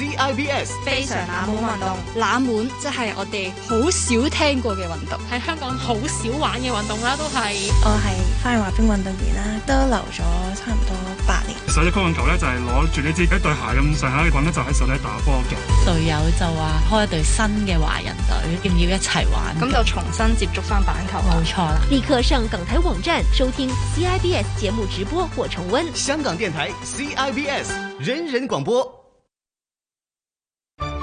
B: CIBS 非常冷門運動，冷門即係我哋好少聽過嘅運動，喺香港好少玩嘅運動啦、啊，都係我係翻去滑冰運動員啦、啊，都留咗差唔多八年。
H: 手一曲運球咧就係攞住你自己一對鞋咁上下嘅棍咧，就喺手底打波嘅。
B: 隊友就話開一隊新嘅華人隊，要唔要一齊玩？咁就重新接觸翻板球。冇錯啦，立刻上港台網站收聽 CIBS 節目直播或重溫。香港電台 CIBS 人人廣播。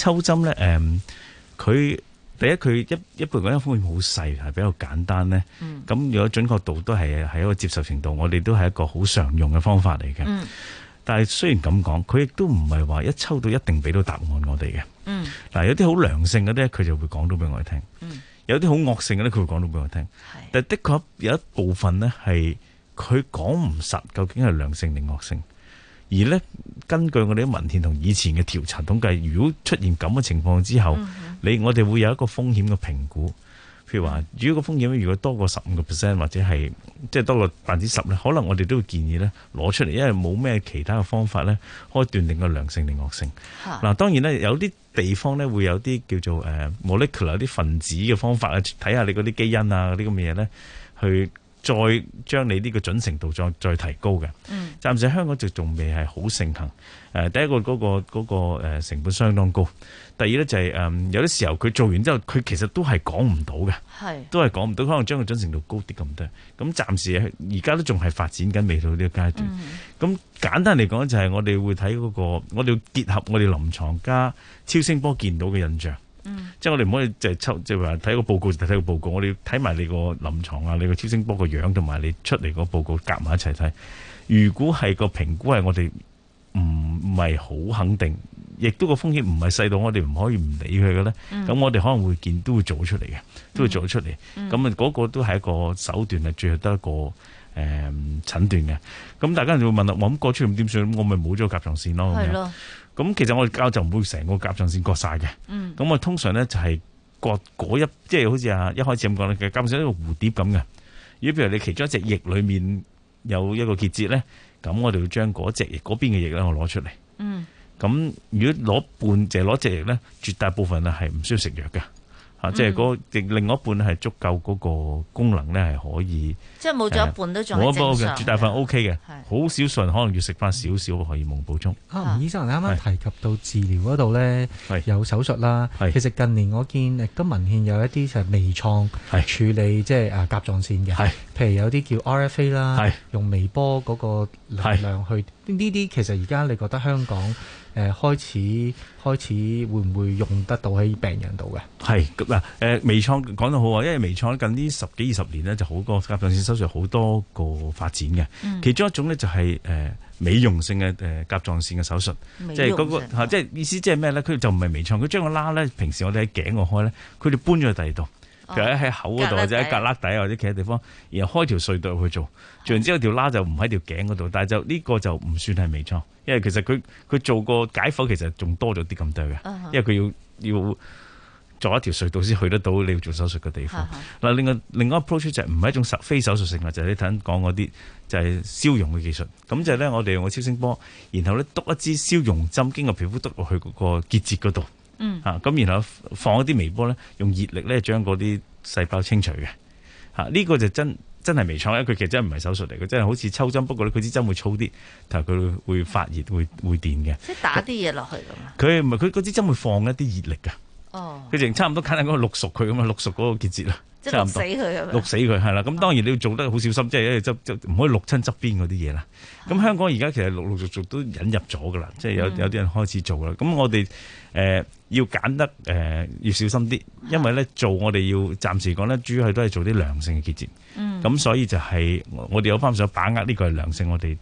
G: 抽針咧，誒、嗯，佢第一佢一一般講一方面好細，係比較簡單咧。咁、嗯、如果準確度都係係一個接受程度，我哋都係一個好常用嘅方法嚟嘅、嗯。但係雖然咁講，佢亦都唔係話一抽到一定俾到答案、嗯、我哋嘅。嗱、嗯，有啲好良性嗰啲，佢就會講到俾我聽；有啲好惡性嘅啲，佢會講到俾我聽。但係的確有一部分呢，係佢講唔實，究竟係良性定惡性？而咧，根據我哋啲文獻同以前嘅調查統計，如果出現咁嘅情況之後，你、嗯、我哋會有一個風險嘅評估。譬如話，如果個風險如果多過十五個 percent，或者係即係多過百分之十咧，可能我哋都會建議咧攞出嚟，因為冇咩其他嘅方法咧，可以斷定個良性定惡性。嗱、啊，當然咧，有啲地方咧會有啲叫做 molecular，有啲分子嘅方法啊，睇下你嗰啲基因啊嗰啲咁嘅嘢咧，去。再將你呢個準程度再再提高嘅，暫時香港就仲未係好盛行。誒，第一個嗰個嗰個誒成本相當高，第二咧就係誒有啲時候佢做完之後，佢其實都係講唔到嘅，係，都係講唔到，可能將個準程度高啲咁多。咁暫時而家都仲係發展緊，未到呢個階段。咁簡單嚟講，就係我哋會睇嗰個，我哋要結合我哋臨床加超聲波見到嘅印象。嗯、即係我哋唔可以淨係抽，即係話、就、睇、是、個報告就睇個報告。我哋要睇埋你個臨床啊，你個超聲波個樣同埋你出嚟個報告夾埋一齊睇。如果係個評估係我哋唔係係好肯定，亦都個風險唔係細到我哋唔可以唔理佢嘅咧。咁、嗯、我哋可能會見都會做出嚟嘅，都會做出嚟。咁、嗯、啊、嗰、嗯那個都係一個手段，係最後得一個誒診斷嘅。咁、嗯、大家就會問啦、那個，我諗過出咁點算？我咪冇咗甲狀腺咯？係咯。咁其實我哋膠就唔會成個甲狀腺割晒嘅，咁、嗯、我通常咧就係割嗰一，即、就、係、是、好似啊一開始咁講咧，甲狀腺一個蝴蝶咁嘅。如果譬如你其中一隻翼裏面有一個結節咧，咁我哋要將嗰隻翼嗰邊嘅翼咧我攞出嚟。咁、嗯、如果攞半隻攞隻翼咧，絕大部分咧係唔需要食藥嘅。嚇、嗯，即係嗰另外一半係足夠嗰個功能咧，係可以。
E: 即係冇咗一半都仲係正常。冇一半嘅，絕大部
G: 分 OK 嘅，好少信可能要食翻少少可以蒙補充。
H: 啊，吳醫生，你啱啱提及到治療嗰度咧，有手術啦。其實近年我見亦都文獻有一啲就係微創處理是即係啊甲狀腺嘅，譬如有啲叫 RFA 啦，用微波嗰個能量去呢啲。呢啲其實而家你覺得香港？誒，開始開始會唔會用得到喺病人度嘅？
G: 係咁嗱，誒、呃、微創講得好啊，因為微創近呢十幾二十年呢，就好過甲狀腺手術好多個發展嘅，嗯。其中一種呢，就係誒美容性嘅誒甲狀腺嘅手術，即係嗰即係意思即係咩咧？佢就唔係微創，佢將個拉咧，平時我哋喺頸度開咧，佢哋搬咗去第二度。就喺口嗰度，或者喺隔旯底，底或者其他地方，然後開條隧道去做，做完之後一條拉就唔喺條頸嗰度，但係就呢、呢個就唔算係微創，因為其實佢佢做過解剖其實仲多咗啲咁多嘅，因為佢要要做一條隧道先去得到你要做手術嘅地方。嗱，另外另外一個 approach 就唔係一種手非手術性啊，就係、是、你頭講嗰啲就係、是、消融嘅技術。咁就係咧，我哋用個超聲波，然後咧篤一支消融針經過皮膚篤落去嗰個結節嗰度。嗯，嚇咁然後放一啲微波咧，用熱力咧將嗰啲細胞清除嘅。嚇、這、呢個就真真係微創咧，佢其實真係唔係手術嚟，佢真係好似抽針，不過佢支針會粗啲，但係佢會發熱會會電嘅。即係打啲嘢落去㗎嘛？佢唔係，佢支針會放一啲熱力㗎，哦，佢就差唔多簡單嗰個六熟佢咁啊，六熟嗰個結節啦。即係碌死佢，碌死佢係啦。咁當然你要做得好小心，即係執執唔可以碌親側邊嗰啲嘢啦。咁香港而家其實陸陸續續都引入咗㗎喇，即係有有啲人開始做啦。咁我哋誒要揀得誒要小心啲，因為咧做我哋要暫時講咧，主要係都係做啲良性嘅結節。嗯，咁所以就係我哋有翻想把握呢個係良性，我哋。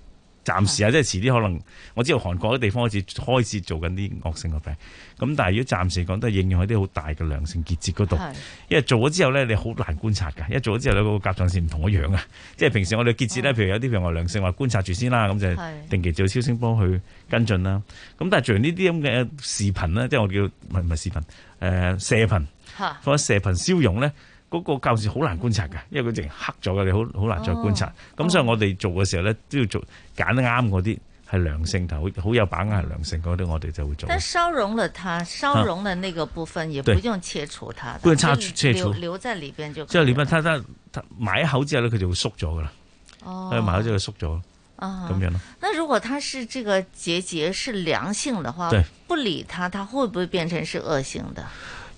G: 暫時啊，即係遲啲可能我知道韓國啲地方開始開始做緊啲惡性嘅病咁，但係如果暫時講都係應用喺啲好大嘅良性結節嗰度，因為做咗之後咧你好難觀察㗎，因為做咗之後你個甲狀腺唔同個樣啊，即係平時我哋結節咧，譬如有啲譬如話良性，話觀察住先啦，咁就定期做超聲波去跟進啦。咁但係做完呢啲咁嘅視頻咧，即係我叫唔係唔係視頻誒射頻，或者射頻消融咧。嗰、那個構造好難觀察嘅，因為佢淨黑咗嘅，你好好難再觀察。咁、哦、所以我哋做嘅時候咧，都要做揀啱嗰啲係良性頭，好有把握係良性嗰啲，我哋就會做。但
E: 燒融了它，燒融了那個部分，也不用切除它。不用切切除留留在裏邊就可以。即係你
G: 問它，得，它埋口之後咧，佢就會縮咗嘅啦。
E: 哦，埋
G: 口之後就縮咗。啊，咁樣咯。
E: 那如果它是這個結節是良性嘅話，不理它，它會不會變成是惡性的？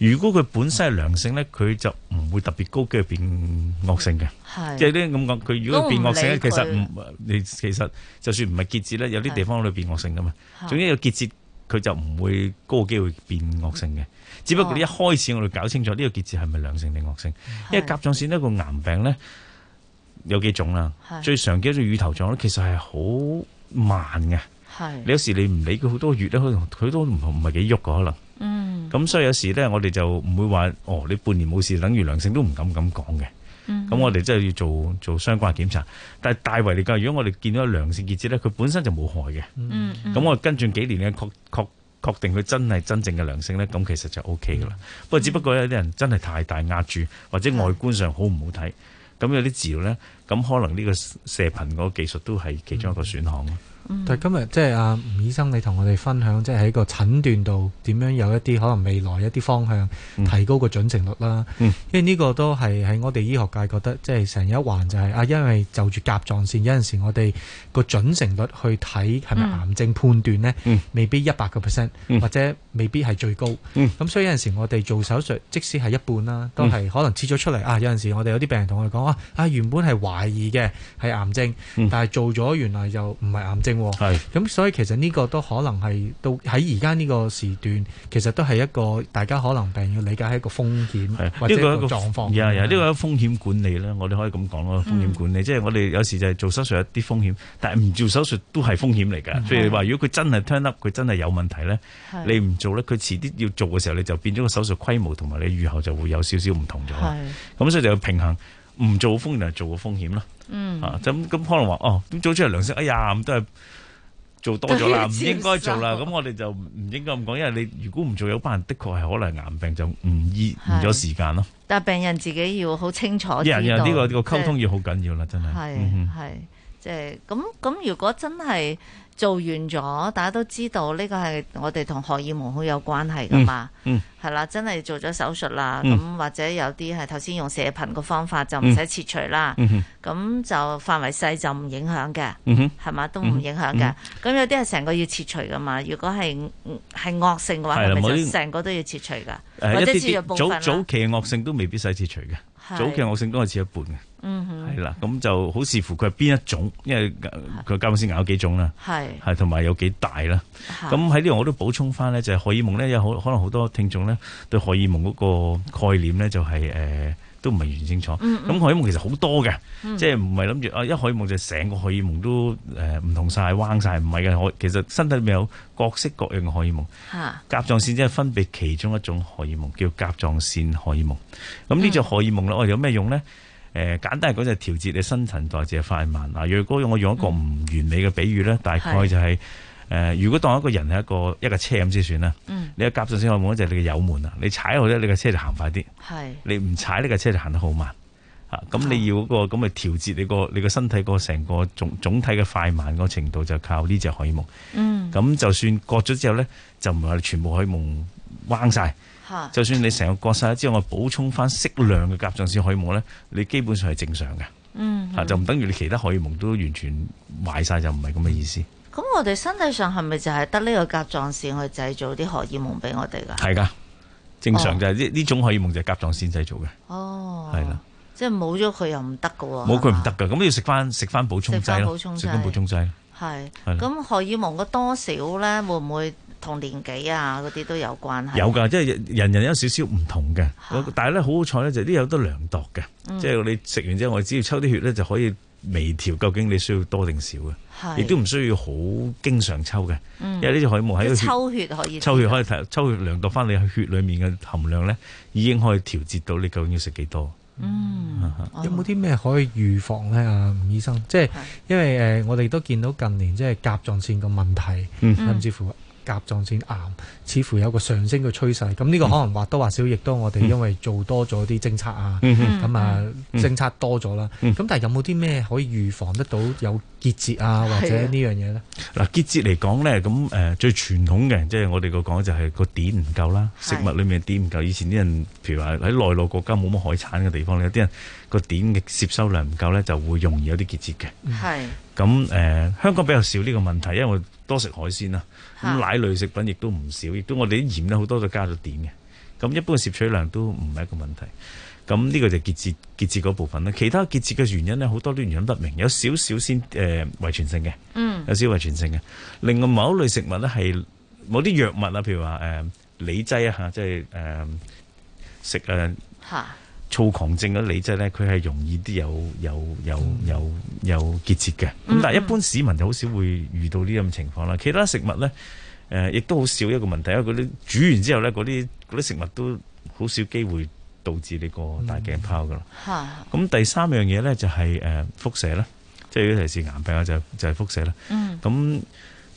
G: 如果佢本身係良性咧，佢就唔會特別高機會變惡性嘅。即係呢，咁講，佢如果變惡性咧，其實唔，你其實就算唔係結節咧，有啲地方都會變惡性噶嘛。總之個結節佢就唔會高機會變惡性嘅。只不過你一開始我哋搞清楚呢個結節係咪良性定惡性，因為甲狀腺呢個癌病咧有幾種啦。最常見一種乳頭狀咧，其實係好慢嘅。係，你有時你唔理佢好多月咧，佢佢都唔唔係幾喐噶可能。嗯，咁所以有時咧，我哋就唔會話哦，你半年冇事，等於良性都唔敢咁講嘅。
K: 咁我哋
G: 真係要做做相關檢查，但係大圍嚟講。如果我哋見到良性結節咧，佢本身就冇害嘅。咁、嗯嗯、我跟住幾年嘅確確,確定佢真係真正嘅良性咧，咁其實就 O K 㗎啦。不過只不過有啲人真係太大壓住，或者外觀上好唔好睇，咁有啲治療咧，咁可能呢個射頻嗰技術都係其中一個選項。
H: 但、嗯、今日即係阿吳醫生，你同我哋分享即係喺個診斷度點樣有一啲可能未來一啲方向提高個準成率啦、嗯。因為呢個都係喺我哋醫學界覺得即係成一環就係、是、啊，因為就住甲狀腺有陣時我哋個準成率去睇係咪癌症判斷呢，嗯、未必一百個 percent，或者未必係最高。咁、嗯、所以有陣時我哋做手術，即使係一半啦，都係可能切咗出嚟啊。有陣時我哋有啲病人同我哋講啊，啊原本係懷疑嘅係癌症，嗯、但係做咗原來又唔係癌症。係，咁所以其實呢個都可能係到喺而家呢個時段，其實都係一個大家可能病要理解係一個風險或者一個狀況。呀、這、呀、
G: 個，呢、這個風險管理咧，我哋可以咁講咯。風險管理、嗯、即係我哋有時就係做手術有啲風險，但係唔做手術都係風險嚟噶。譬如話，如果佢真係 turn up，佢真係有問題咧，你唔做咧，佢遲啲要做嘅時候，你就變咗個手術規模同埋你預後就會有少少唔同咗。咁所以就要平衡。唔做風險就係做個風險啦、嗯，啊，咁咁可能話哦，咁做出嚟良性？哎呀，咁都係做多咗啦，唔應該做啦，咁我哋就唔應該咁講，因為你如果唔做，有班人的確係可能癌病就唔醫唔咗時間咯。
E: 但係病人自己要好清楚，係啊，呢個呢、呢個溝通
G: 要好緊要啦、就是，真係。係係。
E: 即係咁咁，如果真係做完咗，大家都知道呢個係我哋同荷爾蒙好有關係噶嘛，係、嗯、啦、嗯，真係做咗手術啦，咁、嗯、或者有啲係頭先用射頻個方法就唔使切除啦，咁、嗯嗯嗯、就範圍細就唔影響嘅，係、嗯、嘛都唔影響嘅。咁、嗯嗯、有啲係成個要切除噶嘛，如果係係惡性嘅話，係咪就成個都要切除噶？或者切除部分啦。早早
G: 期惡性都未必使切除嘅。早期我性都係似一半嘅，係啦，咁就好視乎佢係邊一種，因為佢間先咬幾種啦，係的，係同埋有幾大啦。咁喺呢度我都補充翻咧，就係、是、荷爾蒙咧，有好可能好多聽眾咧對荷爾蒙嗰個概念咧、就是，就係誒。都唔係完全清楚，咁、嗯嗯、荷爾蒙其實好多嘅、嗯，即係唔係諗住啊一荷爾蒙就成個荷爾蒙都誒唔、呃、同晒，彎晒唔係嘅荷，其實身體裏面有各式各樣嘅荷爾蒙、啊。甲狀腺即係分泌其中一種荷爾蒙，叫甲狀腺荷爾蒙。咁、嗯、呢隻荷爾蒙咧，我哋有咩用呢？誒、呃、簡單嚟講就係調節你新陳代謝快慢。啊、呃、若果我用一個唔完美嘅比喻咧、嗯，大概就係、是。是誒、呃，如果當一個人係一個一個車咁先算啦、嗯。你個甲狀腺荷爾蒙就係你嘅油門的的、嗯、啊，你踩佢咧，你嘅車就行快啲。你唔踩，呢個車就行得好慢。咁你要嗰個咁嘅調節，你個你個身體整個成個總總體嘅快慢個程度就靠呢隻荷爾蒙。嗯，咁、啊、就算割咗之後呢，就唔係全部荷爾蒙壞晒。就算你成個割晒之後，我補充翻適量嘅甲狀腺荷爾蒙呢，你基本上係正常嘅、嗯嗯啊。就唔等於你其他荷爾蒙都完全壞晒，就唔係咁嘅意思。
E: 咁我哋身體上係咪就係得呢個甲狀腺去製造啲荷爾蒙俾我哋噶？係
G: 噶，正常就係呢呢種荷爾蒙就係甲狀腺製造嘅。
E: 哦，係啦，即係冇咗佢又唔得噶喎。冇佢唔
G: 得噶，咁要食翻食翻補充劑咯，食返補充劑。
E: 係，咁荷爾蒙嘅多少咧，會唔會同年紀啊嗰啲都有關係？有噶，
G: 即係人人有少少唔同嘅、啊，但係咧好好彩咧，就呢有得量度嘅、嗯，即係你食完之後，我只要抽啲血咧就可以微調，究竟你需要多定少嘅。亦都唔需要好經常抽嘅、嗯，因為呢啲荷爾蒙喺度抽血可以抽血可以睇抽血量度翻你的血裡面嘅含量咧，已經可以調節到你究竟要食幾多。嗯。嗯，有
H: 冇啲咩可以預防咧啊，吳醫生？即、就、係、是、因為誒，我哋都見到近年即係甲狀腺嘅問題，甚、嗯、至乎。甲狀腺癌、啊、似乎有個上升嘅趨勢，咁呢個可能或多或少亦都我哋因為做多咗啲政策啊，咁、嗯、啊，、嗯啊嗯，政策多咗啦，咁、嗯、但係有冇啲咩可以預防得到有結
G: 節啊、嗯，或者呢樣嘢呢？嗱、啊，結節嚟講呢，咁誒、呃，最傳統嘅即係我哋個講就係個碘唔夠啦，食物裏面嘅碘唔夠，以前啲人譬如話喺內陸國家冇乜海產嘅地方，有啲人個碘嘅攝收量唔夠呢，就會容易有啲結節嘅。係，咁、嗯、誒、呃，香港比較少呢個問題，因為我多食海鮮啦。咁、嗯、奶類食品亦都唔少，亦都我哋啲鹽咧好多都加咗碘嘅。咁一般嘅攝取量都唔係一個問題。咁呢個就結節結節嗰部分啦。其他結節嘅原因咧，好多都原因不明，有少少先誒、呃、遺傳性嘅，嗯，有少、少遺傳性嘅、嗯。另外某類食物咧係某啲藥物啦，譬如話誒、呃、理劑啊，即係誒、呃、食誒。嚇、呃！嗯躁狂症嘅理質咧，佢係容易啲有有有有有結節嘅。咁但係一般市民就好少會遇到呢種情況啦、嗯。其他食物咧，誒、呃、亦都好少一個問題，因為啲煮完之後咧，嗰啲啲食物都好少機會導致呢個大頸泡㗎。咁、
K: 嗯、
G: 第三樣嘢咧就係、是、誒、呃、輻射啦，即係尤其是癌病啊，就是、就係、是、輻射啦。咁、嗯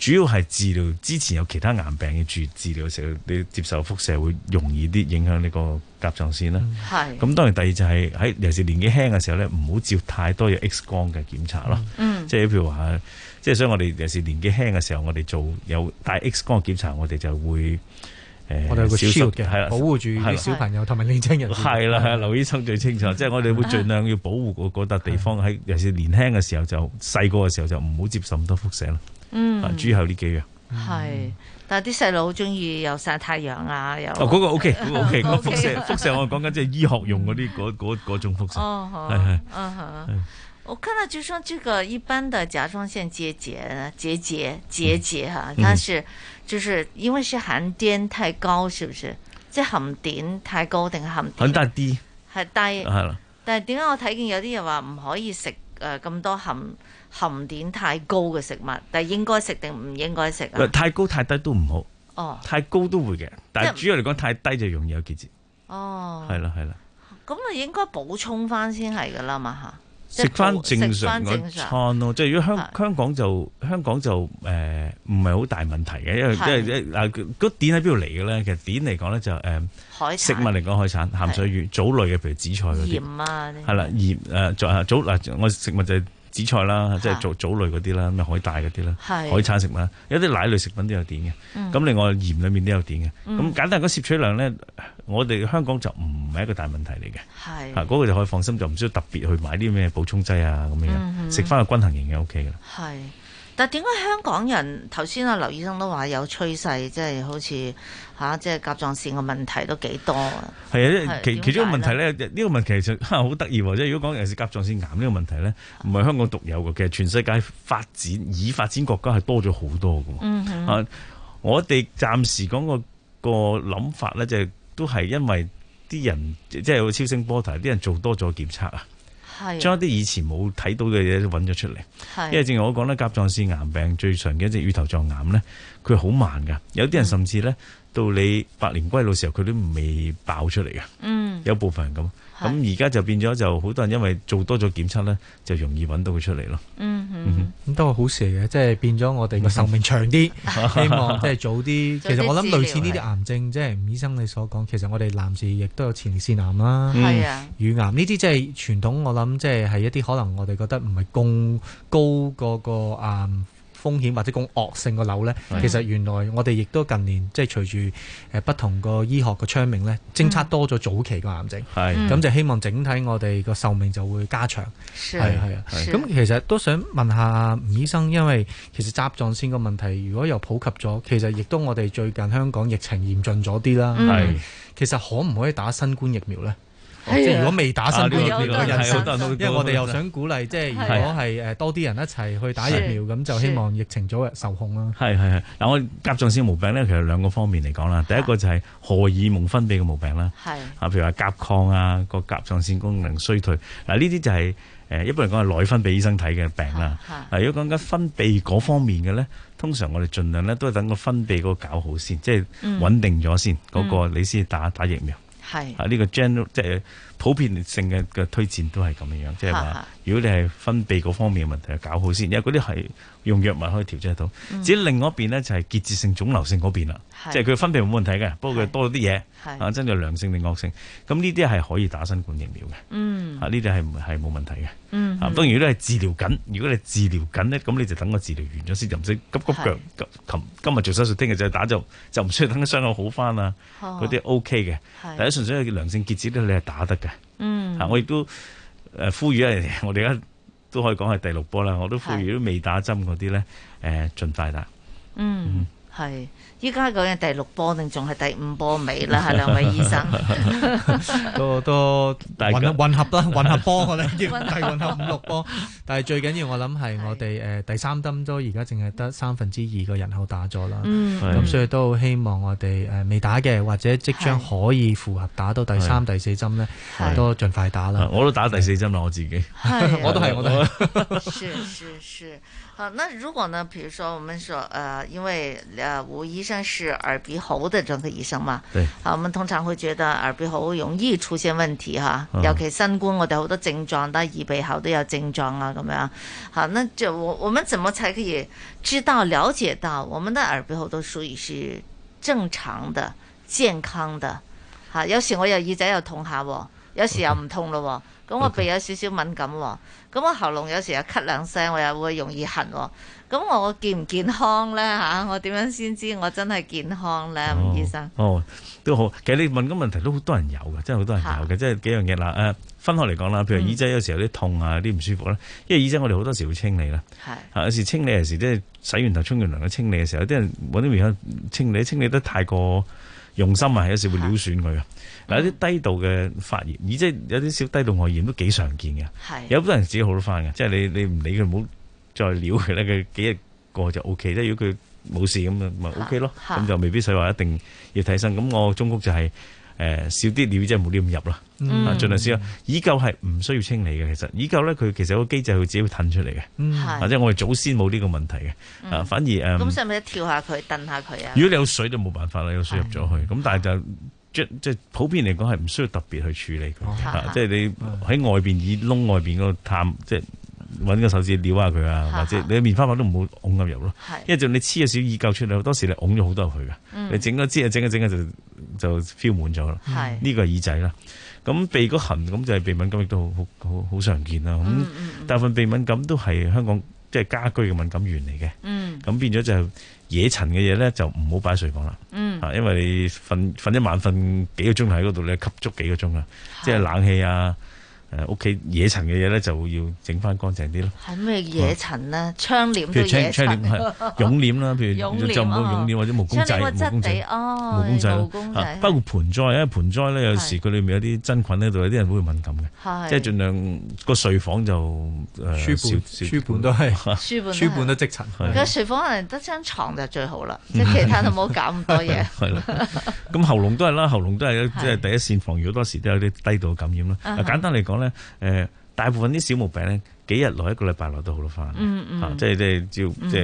G: 主要係治療之前有其他癌病嘅治治療嘅時候，你接受輻射會容易啲影響呢個甲狀腺啦。係、嗯。咁、嗯、當然第二就係、是、喺尤其是年紀輕嘅時候咧，唔好接太多有 X 光嘅檢查咯、嗯。即係譬如話，即係所以我哋尤其是年紀輕嘅時候，我哋做有大 X 光嘅檢查，我哋就會誒少少嘅係保護住啲小朋
H: 友同埋年青人。係啦，係。
G: 劉醫生最清楚，即係、就是、我哋會盡量要保護嗰嗰笪地方。喺尤其是年輕嘅時候，就細個嘅時候就唔好接受咁多輻射啦。嗯，主要呢幾樣
E: 係，但係啲細路好中意又曬太陽啊，又哦嗰、那個 OK，OK，OK, 個輻、OK, [LAUGHS] OK, 射輻 [LAUGHS] 射，
G: 我講緊即係醫學用嗰啲嗰嗰嗰種輻射 [LAUGHS] 哦，係係，
E: 我看到就算這個一般的甲狀腺結節結節結節吓，它、嗯是，嗯是，嗯、是就是因為是含碘太高，是不是？即、就、係、是、含碘太高定含含得低？係低係啦，但係點解我睇見有啲人話唔可以食？誒、呃，咁多含含碘太高嘅食物，但係應該食定唔應該食啊？
G: 太高太低都唔好。哦，太高都會嘅，但係主要嚟講太低就容易有結節。
E: 哦，係啦係啦，咁啊應該補充翻先係噶啦嘛吓，食翻正常個餐
G: 咯。即係如果香香港就香港就誒唔係好大問題嘅，因為即係嗱，嗰碘喺邊度嚟嘅咧？其實碘嚟講咧就誒、是。呃食物嚟講，海產、鹹水魚、藻類嘅，譬如紫菜嗰啲。鹽啊。係啦，鹽誒，啊啊啊啊、就係藻嗱，我食物就係紫菜啦，即係做藻類嗰啲啦，咁海帶嗰啲啦，海產食物，有啲奶類食品都有碘嘅，咁、嗯、另外鹽裏面都有碘嘅，咁、嗯、簡單嗰攝取量咧，我哋香港就唔係一個大問題嚟嘅，吓嗰、啊那個就可以放心，就唔需要特別去買啲咩補充劑啊咁樣的、嗯，食翻個均衡型嘅 O K 噶啦。
E: 但點解香港人頭先阿劉醫生都話有趨勢，即係好似、啊、即係甲狀腺個問題都幾多啊？係
G: 啊，其其中一個問題咧，呢個問題其實好得意喎。即、啊、係、啊、如果講尤其是甲狀腺癌呢個問題咧，唔係香港獨有嘅，其實全世界發展已發展國家係多咗好多嘅、嗯。啊，我哋暫時講、個個諗法咧，就係、都係因為啲人即係、就係、有超聲波睇，啲人做多咗檢測啊。將一啲以前冇睇到嘅嘢揾咗出嚟，因為正如我講咧，甲狀腺癌病最常嘅一隻乳頭狀癌咧，佢好慢噶，有啲人甚至咧到你百年歸老時候佢都未爆出嚟嘅，有部分人咁。咁而家就變咗，就好多人因為做多咗檢測咧，就容易揾到佢出嚟咯。嗯哼嗯哼，咁
H: 都係好事嘅，即係變咗我哋嘅壽命長啲，嗯、哼希望即係早啲、 [LAUGHS] 就是。其實我諗類似呢啲癌症，即係吳醫生你所講，其實我哋男士亦都有前列腺癌啦、啊、乳癌呢啲，即係傳統我諗即係係一啲可能我哋覺得唔係咁高嗰個癌。風險或者講惡性個瘤呢，其實原來我哋亦都近年即係隨住不同個醫學個昌明呢，偵測多咗早期個癌症，咁、嗯、就希望整體我哋個壽命就會加長。係啊啊，咁其實都想問下吳醫生，因為其實甲狀腺個問題，如果又普及咗，其實亦都我哋最近香港疫情嚴峻咗啲啦。係、嗯，其實可唔可以打新冠疫苗呢？
C: 即係如果未打
H: 新冠疫苗，啊這個，因為我哋又想鼓勵，即係如果係誒多啲人一齊去打疫苗，咁就希望疫情早日受控啦。
G: 係係係嗱，我甲狀腺毛病咧，其實兩個方面嚟講啦。第一個就係荷爾蒙分泌嘅毛病啦，啊，譬如話甲亢啊，個甲狀腺功能衰退嗱，呢啲就係誒，一般嚟講係內分泌醫生睇嘅病啦。嗱，如果講緊分泌嗰方面嘅咧，通常我哋盡量咧都係等個分泌嗰個搞好先，即係穩定咗先，嗰、那個你先打打疫苗。係啊，呢個 general 即係普遍性嘅嘅推薦都係咁樣樣，即係話，如果你係分泌嗰方面嘅問題，搞好先。因為嗰啲係用藥物可以調節得到。至於另外一邊咧，就係結節性腫瘤性嗰邊啦，即係佢分泌冇問題嘅，不過佢多咗啲嘢，啊，真係有良性定惡性。咁呢啲係可以打新冠疫苗嘅，
K: 嗯，啊，
G: 呢啲係係冇問題嘅。啊，當然如果你係治療緊，如果你治療緊咧，咁你就等個治療完咗先就唔使急急腳是急。今日做手術，聽日就，就打就就唔需要等啲傷口好翻啊。嗰啲 OK 嘅，但係純粹係良性結節咧，你係打得嘅。嗯，啊、我亦都誒、呃、呼籲一，我哋而家。都可以講係第六波啦，我都呼籲都未打針嗰啲呢，盡快打。嗯，
E: 係、嗯。係依家講緊第六波定仲係第五波尾啦，係兩位醫
G: 生 [LAUGHS] 都都
H: 混合啦，混合波嘅咧，亦 [LAUGHS] 混混合五六波。 [LAUGHS] 但係最緊要我諗係我哋誒、呃、第三針都而家淨係得三分之二嘅人口打咗啦，咁所以都好希望我哋誒、呃、未打嘅或者即將可以符合打到第三、第四針咧，都盡快打
G: 啦。我都打第四針啦，我自己，係
H: [LAUGHS] 我都係我都係。都 [LAUGHS]
E: 好，那如果呢？比如說，我們說，呃，因為，呃，吳醫生是耳鼻喉的專科醫生嘛。對。好，啊，我們通常會覺得耳鼻喉容易出現問題，哈，啊，尤其新冠，我哋好多症狀都耳鼻喉都有症狀啊，咁樣。好，那就我，我們怎麼才可以知道了解到我們的耳鼻喉都屬於是正常的，健康的？好，要有時我有耳仔又痛下喎，有時又唔痛咯，咁我鼻有少少敏感喎，咁、okay。我喉嚨有時又咳兩聲，我又會容易痕喎。咁我健唔健康咧？吓，我點樣先知我真係健康咧？吳、哦啊、醫生。
G: 哦，都好。其實你問個問題都好多人有嘅，真係好多人有嘅，即係幾樣嘢啦。誒、呃，分開嚟講啦，譬如耳仔有時候有啲痛啊，有啲唔舒服啦、嗯、因為耳仔我哋好多時候會清理啦。係、啊。有時候清理，有時候即係洗完頭、沖完涼去清理嘅時候，有啲人搵啲棉清理，清理得太過用心啊，有時候會撩損佢嘅。嗱、嗯、有啲低度嘅發炎，而即係有啲小低度外炎都幾常見嘅。有好多人自己好咗翻嘅，就是、不不就 OK, 即係你你唔理佢，唔好再撩佢咧，佢幾日過就 O K。即係如果佢冇事咁咪 O K 咯。咁、啊啊、就未必使話一定要睇診。咁我中谷就係、是、誒、呃、少啲撩，即係冇啲咁入啦，啊、嗯、盡量少啦。耳垢係唔需要清理嘅，其實耳垢咧佢其實個機制佢自己會褪出嚟嘅、嗯，或者我哋祖先冇呢個問題嘅、嗯。反而誒咁使
E: 唔使跳下佢蹬下佢啊？如果
G: 你有水就冇辦法啦，有水入咗去咁，但係就。嗯即即普遍嚟講係唔需要特別去處理佢、哦，即係你喺外邊耳窿外邊嗰個探，即係揾個手指撩下佢啊，或者你棉花棒都唔好㧬入入咯，因為就你黐咗少耳垢出嚟，好多時你㧬咗好多入去嘅、嗯，你整咗之整下整下就就 feel 滿咗啦。呢個耳仔啦，咁鼻嗰痕咁就係鼻敏感亦都好好好常見啦。咁大部分鼻敏感都係香港即係、就是、家居嘅敏感源嚟嘅，咁、嗯、變咗就係。野塵嘅嘢咧，就唔好擺喺睡房啦，啊、嗯，因為你瞓瞓一晚瞓幾個鐘喺嗰度咧，你吸足幾個鐘啊，即係冷氣啊。屋企野塵嘅嘢咧，就要整翻乾淨啲咯。係
E: 咩野塵咧、嗯？窗簾譬如窗窗簾，係絨
G: 簾啦，譬如就唔過絨簾或者木工仔、木工仔、木公仔包括盆栽，因為盆栽咧，有時佢裏面有啲真菌喺度，有啲人會敏感嘅。即係盡量個睡房就舒書本、書都係書
E: 本、書本都積塵。個睡房可能得張床就最好啦，即係其他都冇搞咁多嘢。係
G: 咁，喉嚨都係啦，喉嚨都係即係第一線防禦，好多時都有啲低度感染啦。啊，簡單嚟講咧，誒大部分啲小毛病咧，幾日內一個禮拜內都好得翻，嚇、嗯嗯，即係即係照，即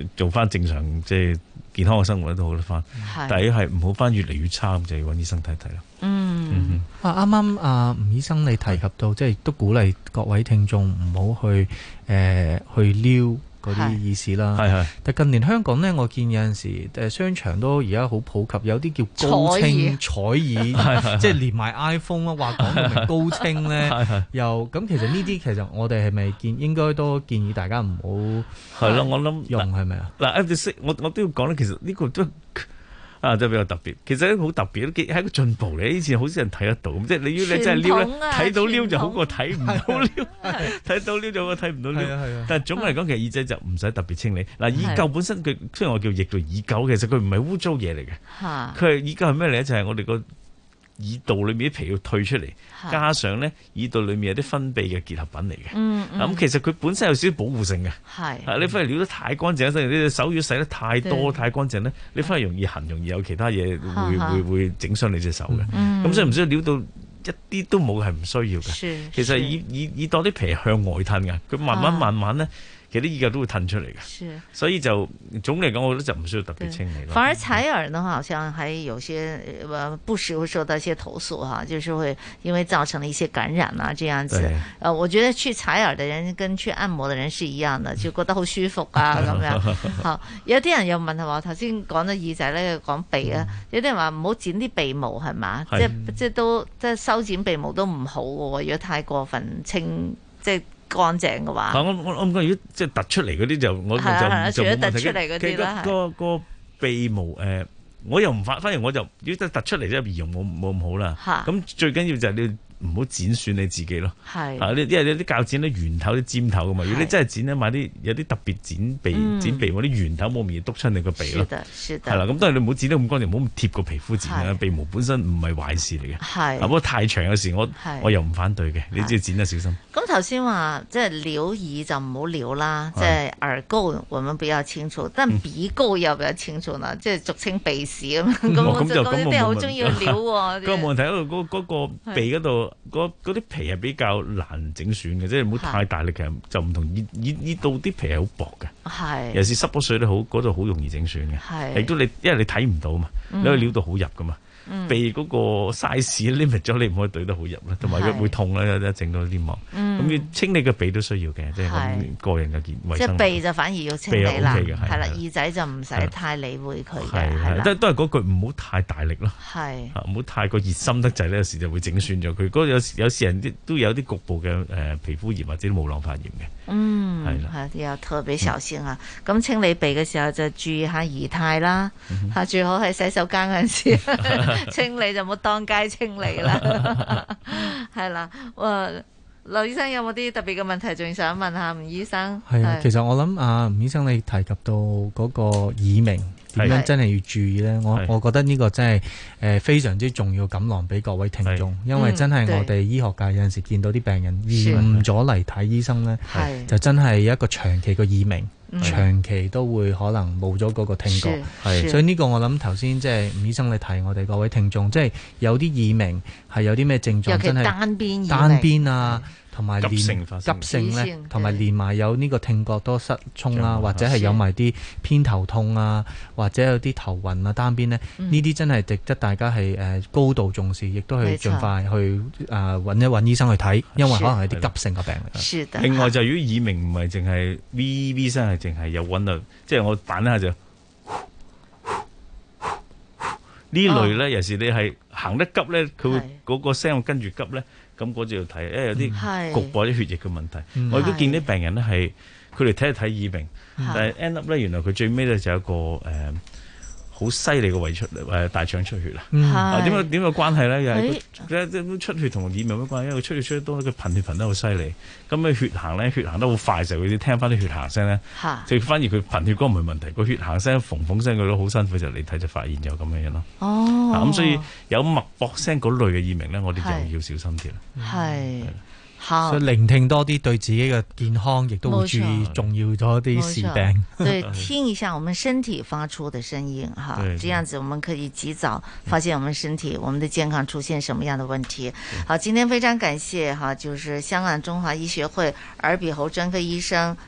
G: 係做翻正常，即係健康嘅生活咧，都好得翻。第一係唔好翻越嚟越差，咁就要揾醫生睇睇啦。
H: 嗯，啊啱啱啊，吳醫生你提及到，即係都鼓勵各位聽眾唔好去誒、呃、去撩。嗰啲意思啦，係係。但近年香港咧，我見有陣時誒商場都而家好普及，有啲叫高清採耳，彩 [LAUGHS] 彩矣 [LAUGHS] 即係連埋 iPhone 啊。話講係高清咧， [LAUGHS] 又咁其實呢啲其實我哋係咪建應該都建議大家唔好係，咯，我
G: 諗用係咪啊？嗱，我我都要講咧，其實呢個都。啊，即係比較特別，其實都好特別，都係一個進步嚟。以前好少人睇得到，咁即係你要你真係撩咧，睇到撩就好過睇唔到撩，睇到撩就好過睇唔到撩。但係總嘅嚟講，其實耳仔就唔使特別清理。嗱，耳垢本身佢雖然我叫液到耳垢，其實佢唔係污糟嘢嚟嘅，佢係耳垢係咩嚟？就係、是、我哋個。耳道裏面啲皮要退出嚟，加上咧耳道裏面有啲分泌嘅結合品嚟嘅，咁、嗯嗯、其實佢本身有少少保護性
K: 嘅。係、啊,
G: 你反而撩得太乾淨，甚至你隻手要洗得太多太乾淨咧，你反而容易痕，容易有其他嘢會會會整傷你隻手嘅。咁、嗯、所以唔需要撩到一啲都冇係唔需要嘅。其實耳耳耳道啲皮向外褪嘅，佢慢慢慢慢咧。啊其啲耳垢都會褪出嚟
E: 嘅，
G: 所以就總嚟講，我覺得就唔需要特別清理咯。反而
E: 採耳嘅話，好像係有些不時會受到一些投訴哈、啊，就是會因為造成了一些感染啊，這樣子。呃、我覺得去採耳的人跟去按摩的人是一樣嘅，就覺得好舒服啊咁 [LAUGHS] 樣。哈，有啲人又問我話，頭先講咗耳仔咧，講鼻啊，有啲人話唔好剪啲鼻毛係嘛？即即都即修剪鼻毛都唔好喎，如果太過分清即。乾淨嘅
G: 話，我我我我如果即係突出嚟嗰啲就，我就啊係啊，除咗、啊、突出嚟嗰啲啦。記、啊那個、啊那個、個鼻毛誒、呃，我又唔發，反而我就如果真係突出嚟即係面容冇冇咁好啦。咁最緊要就係你。唔好剪損你自己咯。係啊，因為你啲鉸剪啲圓頭啲尖頭嘅嘛。如果你真係剪咧，買啲有啲特別剪鼻，嗯、剪鼻毛啲圓頭冇面篤出你個鼻咯。係啦，咁當然你唔好剪得咁乾淨，唔好咁貼個皮膚剪啦、啊。鼻毛本身唔係壞事嚟嘅。係、啊，不過太長嘅事我我又唔反對嘅。你只要剪得小心。
E: 咁頭先話即係撩耳就唔好撩啦，即、就、係、是、耳膏我們比較清楚，但鼻膏又比較清楚啦、嗯，即係俗稱鼻屎咁。咁、嗯、咁 [LAUGHS] 那就咁冇 [LAUGHS] 那就 [LAUGHS] 問， [LAUGHS] 問題。咁
G: 冇問題嗰個嗰、那個鼻嗰度。嗰啲皮係比較難整損嘅，即係唔好太大力，其實就唔同熱熱熱到啲皮係好薄嘅，
M: 尤其是
G: 濕咗水，咧，好嗰度好容易整損嘅，亦都你因為你睇唔到嘛，你個料度好入㗎嘛。嗯嗯、鼻嗰個 size limit 咗，你唔可以懟得好入啦，同埋會痛啦，整到啲毛，咁、嗯、要清理個鼻都需要嘅，就是，即係個人嘅健衛生即係鼻就反而要清理難嘅，
E: 係啦、okay，耳仔就唔使太理會佢，
G: 都都係嗰句唔好太大力咯，係唔好太過熱心得滯呢，有時候就會整損咗佢。嗰、嗯、有時人都有啲局部嘅誒皮膚炎或者毛囊發炎嘅，嗯，係
E: 啦，係、嗯、要特別小心吓、啊。咁、嗯、清理鼻嘅時候就注意下儀態啦，吓、嗯、最好喺洗手間嗰陣時。嗯 [LAUGHS] 清理就冇當街清理啦， [LAUGHS] [LAUGHS] 係啦。哇，劉醫生有冇啲特別嘅問題仲想問下吳醫生？係啊，其
H: 實我諗啊，吳醫生你提及到嗰個耳鳴。點樣真係要注意呢？我我覺得呢個真係誒、呃、非常之重要，感浪俾各位聽眾，因為真係我哋醫學界有陣時見到啲病人誤咗嚟睇醫生呢，就真係一個長期嘅耳鳴，長期都會可能冇咗嗰個聽覺。所以呢個我諗頭先即係吳醫生你提我哋各位聽眾，即係有啲耳鳴係有啲咩症狀？尤其是真係單邊耳鳴啊。同埋連急性咧，同埋連埋有呢個聽覺多失聰啦，或者係有埋啲偏頭痛啊，或者有啲頭暈啊，單邊咧，呢啲真係值得大家係誒高度重視，亦都係儘快去誒揾一揾醫生去睇，因為可能係啲急性嘅病嚟㗎。是的。另外
G: 就如果耳鳴唔係淨係 V V 聲，係淨係有韻律，即係我打一下就呢類咧，有時你係行得急咧，佢嗰個聲會跟住急咧。咁嗰就要睇，因為、哎、有啲局部啲血液嘅問題。我而家見啲病人咧係，佢哋睇一睇耳鳴。但係 end up 咧原來佢最尾咧就有一個、呃好犀利嘅胃出誒、呃、大腸出血、mm. 啊！點樣點樣關係咧？又係出血同耳鳴有乜關係？因為出血出得多，佢貧血貧得好犀利。咁佢血行咧，血行得好快嘅時候，你聽翻啲血行聲咧， [LAUGHS] 就反而佢貧血嗰個唔係問題，個血行聲縫縫聲佢都好辛苦。就你睇就發現有咁嘅嘢咯。哦、
K: oh.
E: 啊，咁所以
G: 有脈搏聲嗰類嘅耳鳴咧，我
H: 哋
E: 就
G: 要小心啲啦。
E: 係。Mm. 好，所以聆
H: 聽多啲對自己嘅健康，亦都會注意重要咗啲事病。對， [LAUGHS] 聽
E: 一下我們身體發出的聲音哈，這樣子我們可以及早發現我們身體、嗯、我們的健康出現什麼樣的問題。好，今天非常感謝哈，就是香港中華醫學會耳鼻喉專科醫生。